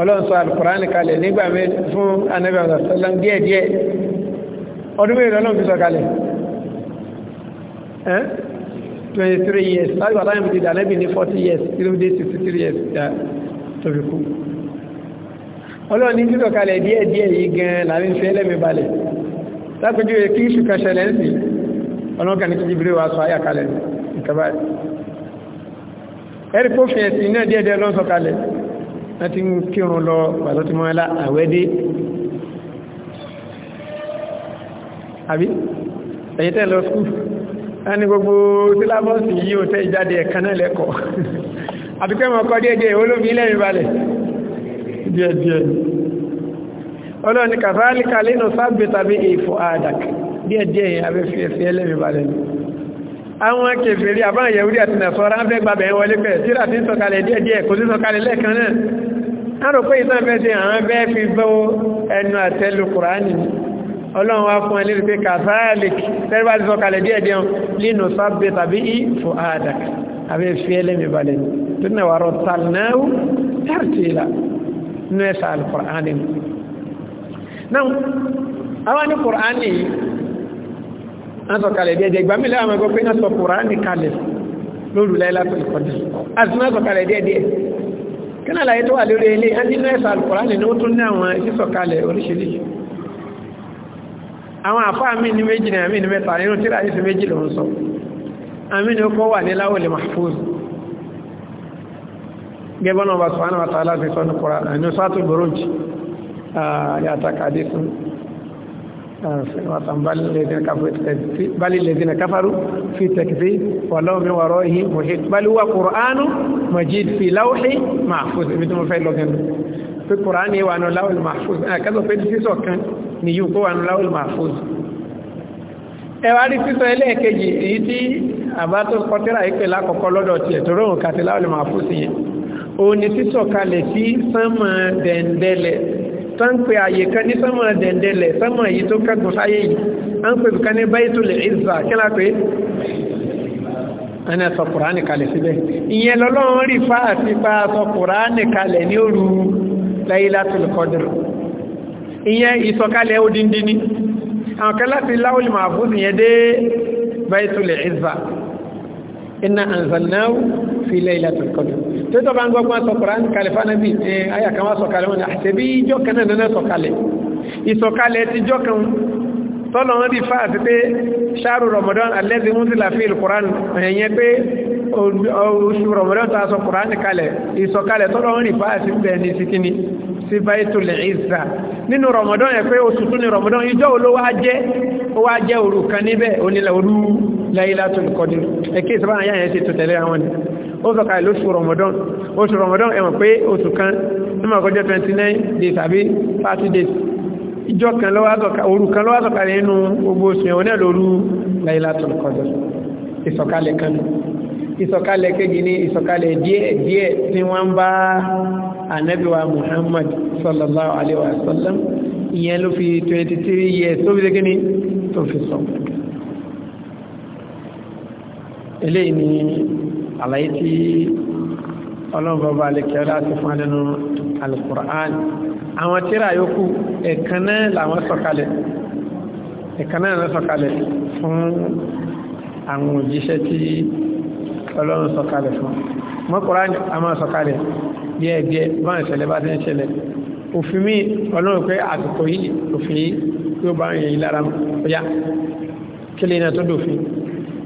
ọlọ́nsọ alukùránì kalẹ̀ nígbà mẹ́rin fún anábẹ́ ọ̀sọ̀lá díẹ̀díẹ̀ ọdún mẹ́rin ọlọ́run fi sọ kalẹ̀ 23 years láti wà láyé mi ti dà 40 years 3 days 63 years tó fi kú ọlọ́ni títọ̀ kalẹ̀ díẹ̀ díẹ̀ yìí gan láàrin fẹ́ lẹ́mí balẹ̀ lápẹjú rẹ̀ kí ṣùkà ṣẹlẹ̀ ń sì ọlọ́kàní kí jíbìrì wà sọ ayà kalẹ̀ ìkàbá ẹ̀rí pófin ẹ̀sìn náà díẹ̀ díẹ̀ lọ́sọ kalẹ̀ láti ń kírun lọ pàtó tí wọ́n lá àwẹ́dé àbí ẹ̀yẹ tẹ́ lọ skúl ẹni gbogbo sílábọ̀sì yìí ò tẹ́ ìjáde ẹ̀kan náà lẹ́kọ̀ọ́ <laughs> àbíkẹ́ mọ̀ kọ́ díẹ̀ díẹ̀ olómi lẹ́yìn balẹ̀ díẹ̀díẹ̀ ni ọlọ́ni kàfáàlìkà lẹ́nu sábẹ̀ tàbí èèfò àdàk díẹ̀díẹ̀ yẹn abẹ́ ẹlẹ́mì balẹ̀ ni àwọn kèfèrí àbáwọn yẹ̀wúrí àti nàfọ́rá ń fẹ́ gbàbẹ̀ wọlé pẹ̀ tíra ti ń sọ̀kalẹ̀ díẹ̀díẹ̀ kò sí sọ̀kalẹ̀ lẹ́ẹ̀kan náà àrò pé ìtàn fẹ́ ti àwọn bẹ́ẹ̀ fi gbọ́ ẹnu àtẹ́lu kùránì ọlọ́run wá fún ẹlẹ́rìí pé kàfáàlìkì tẹ́rẹ́bà ti sọ̀kalẹ̀ díẹ̀díẹ̀ lẹ́nu sábẹ̀ tàbí ìfò àdàk abẹ́ fi ẹlẹ́mì balẹ̀ tó náà wà rọ̀ tàlnáwó nínú ẹ̀ṣà alkùránì náà àwọn ní kùránì ásọ̀kalẹ̀ díẹ̀díẹ̀ ìgbà mílẹ̀ àwọn ẹgbẹ́ pé náà sọ kùránì kalẹ̀ lóru Lailatul Qadr àti náà sọ̀kalẹ̀ díẹ̀díẹ̀ kínà láyé tó wà lórí ilé ẹni nínú ẹ̀ṣà alkùránì ní ó tún ní mahfuz gẹ́gbọ́n ọba subhanahu wa ta'ala fi sọ́nù kọ́ra ẹni sátò burúj àyàtàkàdé fún bali lezina kafaru fi takzi walau min waraihi muhit bali wa qur'anu majid fi lawhi mahfuz ibi mo fẹ́ lọ́gán fi qur'an ni wa no lawhul mahfuz ka lo fẹ́ ti so kan ni yu ko wa no lawhul mahfuz ẹ sísọ ẹlẹ́ẹ̀kejì èyí tí àbátò kọtíra ìpè lákọ̀ọ́kọ́ lọ́dọ̀ tiẹ̀ tó rọrùn kàtí lawhul mahfuz yẹn òní sísọ̀kalẹ̀ sí sánmà dẹ̀ndẹ̀lẹ̀ tán pé àyè kan ní sánmà dẹ̀ndẹ̀lẹ̀ sánmà èyí tó kẹ́gùn sáyé yìí a ń pè bí ká ní Baitul Izza kílá pé ẹni ẹ̀sọ̀ kùránì kalẹ̀ síbẹ̀ ìyẹn lọ́lọ́run rí fa àti pa àsọ kùránì kalẹ̀ ni àwọn kan láti láwọlì màbúsì yẹn dé fi Laylatul Qadr tó tọ́ bá ń gbọ́gbọ́n sọ Qur'an kalifa nabi aya kan wá sọ̀kalẹ̀ wọn àtẹ̀bí ìjọ kan náà nánà sọ̀kalẹ̀ ìsọ̀kalẹ̀ ti jọ kan tọ́lọ̀ wọn di fáà sí pé ṣáàrù Ramadan alẹ́sìn mú sí làfíìl Qur'an pe pé oṣù Ramadan ta sọ Qur'an kalẹ̀ ìsọ̀kalẹ̀ tọ́lọ̀ wọn di fáà sí bẹ́ẹ̀ ni sikini sí Baitul Izza nínú Ramadan yẹ pé oṣù tún ní Ramadan ìjọ olówó ajẹ́ ó wá jẹ́ òru kan níbẹ̀ onílẹ̀ òru Laylatul Qadr ẹ̀kí ìsọ̀bá àyà yẹn ti tò tẹ̀lé àwọn ó sọ kalẹ̀ lóṣù Ramadan oṣù Ramadan ẹ̀wọ̀n pé oṣù kan nímọ̀ kọjọ́ 29 days àbí 30 days ìjọ kan lọ́wọ́ àtọ̀ka òru kan lọ́wọ́ àtọ̀ka nínú gbogbo oṣù ẹ̀wọ̀n náà lóru Lailatul Qadr ìsọ̀kalẹ̀ kan ìsọ̀kalẹ̀ kejì ní ìsọ̀kalẹ̀ díẹ̀ díẹ̀ tí wọ́n ń bá anabiwa Muhammad sallallahu alaihi wa sallam ìyẹn ló fi 23 years tó fi ṣe kíní tó fi sọ eléyìí ni àlàyé tí ọlọ́run bọ́bá alẹ́kẹ́ láti fún nínú alukur'an àwọn tíra yòókù ẹ̀kan náà làwọn sọ̀kalẹ̀ ẹ̀kan náà làwọn sọ̀kalẹ̀ fún àwọn òjíṣẹ́ tí ọlọ́run sọ̀kalẹ̀ fún mọ́kùnrin àwọn sọ̀kalẹ̀ díẹ̀díẹ̀ báwọn ìṣẹ̀lẹ̀ bá ti ń ṣẹlẹ̀ òfin mi ọlọ́run pé àsìkò yìí òfin yìí yóò bá yẹn yìí lára ọjà kí lè náà tó dòfin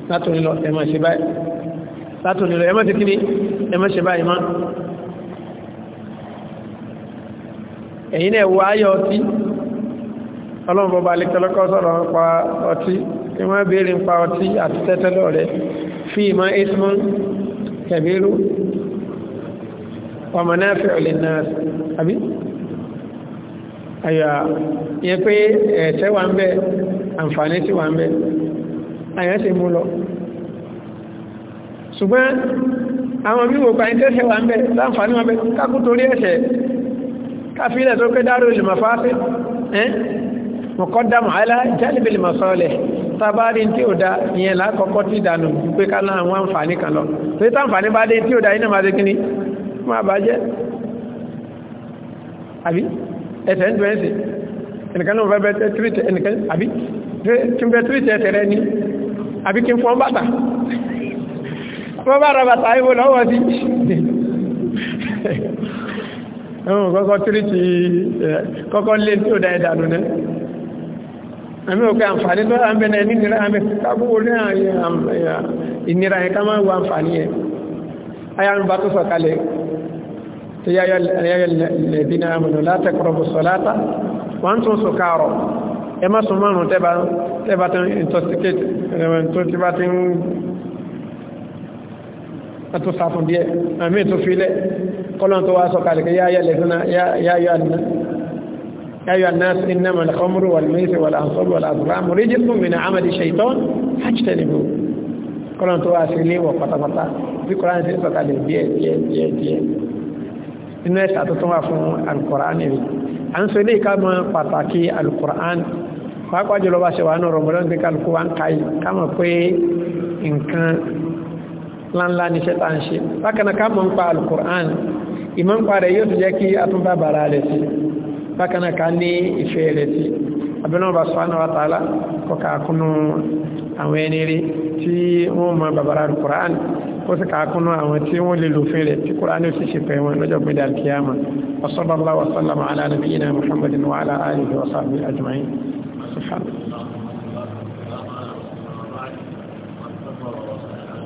látòun lọ ẹ̀ máa ṣe báyìí látòní lọ ẹmọ́ ti kí ni ẹmọ́ ṣe báyìí mọ́ ẹ̀yìn ẹ̀wọ ayọ̀ ọtí ọlọ́run bọba alẹ́kẹ́lọ́kọ́ sọ̀rọ̀ pa ọtí kí wọ́n béèrè pa ọtí àti tẹ́tẹ́lọ́ rẹ̀ fi ìmọ̀ ismun kabiru wa manafi'u linnas àbí àyà yẹ pé ẹ̀tẹ́ wà ń bẹ ṣùgbọ́n àwọn bí wò pàyín tẹ́sẹ̀ wà ń bẹ̀ láǹfààní wọn bẹ̀ kákú torí ẹ̀ṣẹ̀ káfílẹ̀ tó pé dárò lè màfá fẹ́ ẹ́ mọ̀kọ́ alá jálìbì lè màsọ́ọ̀lẹ̀ tábárí tí ó da ìyẹn lákọ̀ọ́kọ́ tí ìdànù pé ká náà wọ́n àǹfààní kan lọ torí da iná máa dé kíní máa bá jẹ́ àbí ẹ̀sẹ̀ ń dùn ẹ̀sìn ẹnìkan náà fẹ́ bẹ́ẹ̀ tíríṣẹ̀ ẹnìkan àbí wọ́n bá ra bàtà ìwò lọ́wọ́ sí ẹ̀hùn kọ́kọ́ tíríkì kọ́kọ́ lé tí ó dá ìdànù náà àmì òkè àǹfààní tó àmì ẹ̀nà ẹni nira àmì kágbówó ní ìnira yẹn ká máa wọ àǹfààní yẹn ayánu bá tó sọ kalẹ̀ tó yáyọ lẹ́bí náà mọ̀nà látẹ̀kọ̀rọ̀bù sọ̀láta wọ́n tún sọ káàrọ̀ ẹ má sọ márùn-ún tẹ́bà tẹ́bà ń tó sàfún díẹ̀ àmì tó filẹ̀ kọ́lọ́n tó wá sọ kàlẹ̀kẹ́ yáyọ annáṣì innama al-khamru wal-maisir wal-ansab wal-azlam rijsun min amali shaitan fajtanibu kọ́lọ́n tó wá sí ilé wọ̀ pátápátá bí kọ́lọ́n sí sọ̀kalẹ̀ díẹ̀ díẹ̀ díẹ̀ díẹ̀ inú ẹ̀sà tó tún wà fún alukọ̀ránì rí à ń sọ ilé ìkámọ́ pàtàkì alukọ̀ránì pàápàá jùlọ bá ṣe wà nù rọ̀mọ́lọ́n láńlá ní ṣẹ́ta ń ṣe bákanáká mọ́ ń pa alukur'an ìmọ̀ ń pa rẹ̀ yóò tó jẹ́ kí a tún bá bàrá rẹ̀ sí bákanáká ní ìfẹ́ rẹ̀ sí abinaba sọ́nà wa tààlà kọka kúnnú àwọn ẹni rí tí wọ́n mọ́ bàbára alukur'an ó sì kàákúnnú àwọn tí wọ́n lè lòfin rẹ̀ tí kúránì ó sì ṣe pẹ̀ wọn lọ́jọ́ gbẹ̀dẹ̀ alkiyama wasallallahu wasallama ala nabiyina muhammadin wa ala alihi wa sahbihi ajma'in subhanahu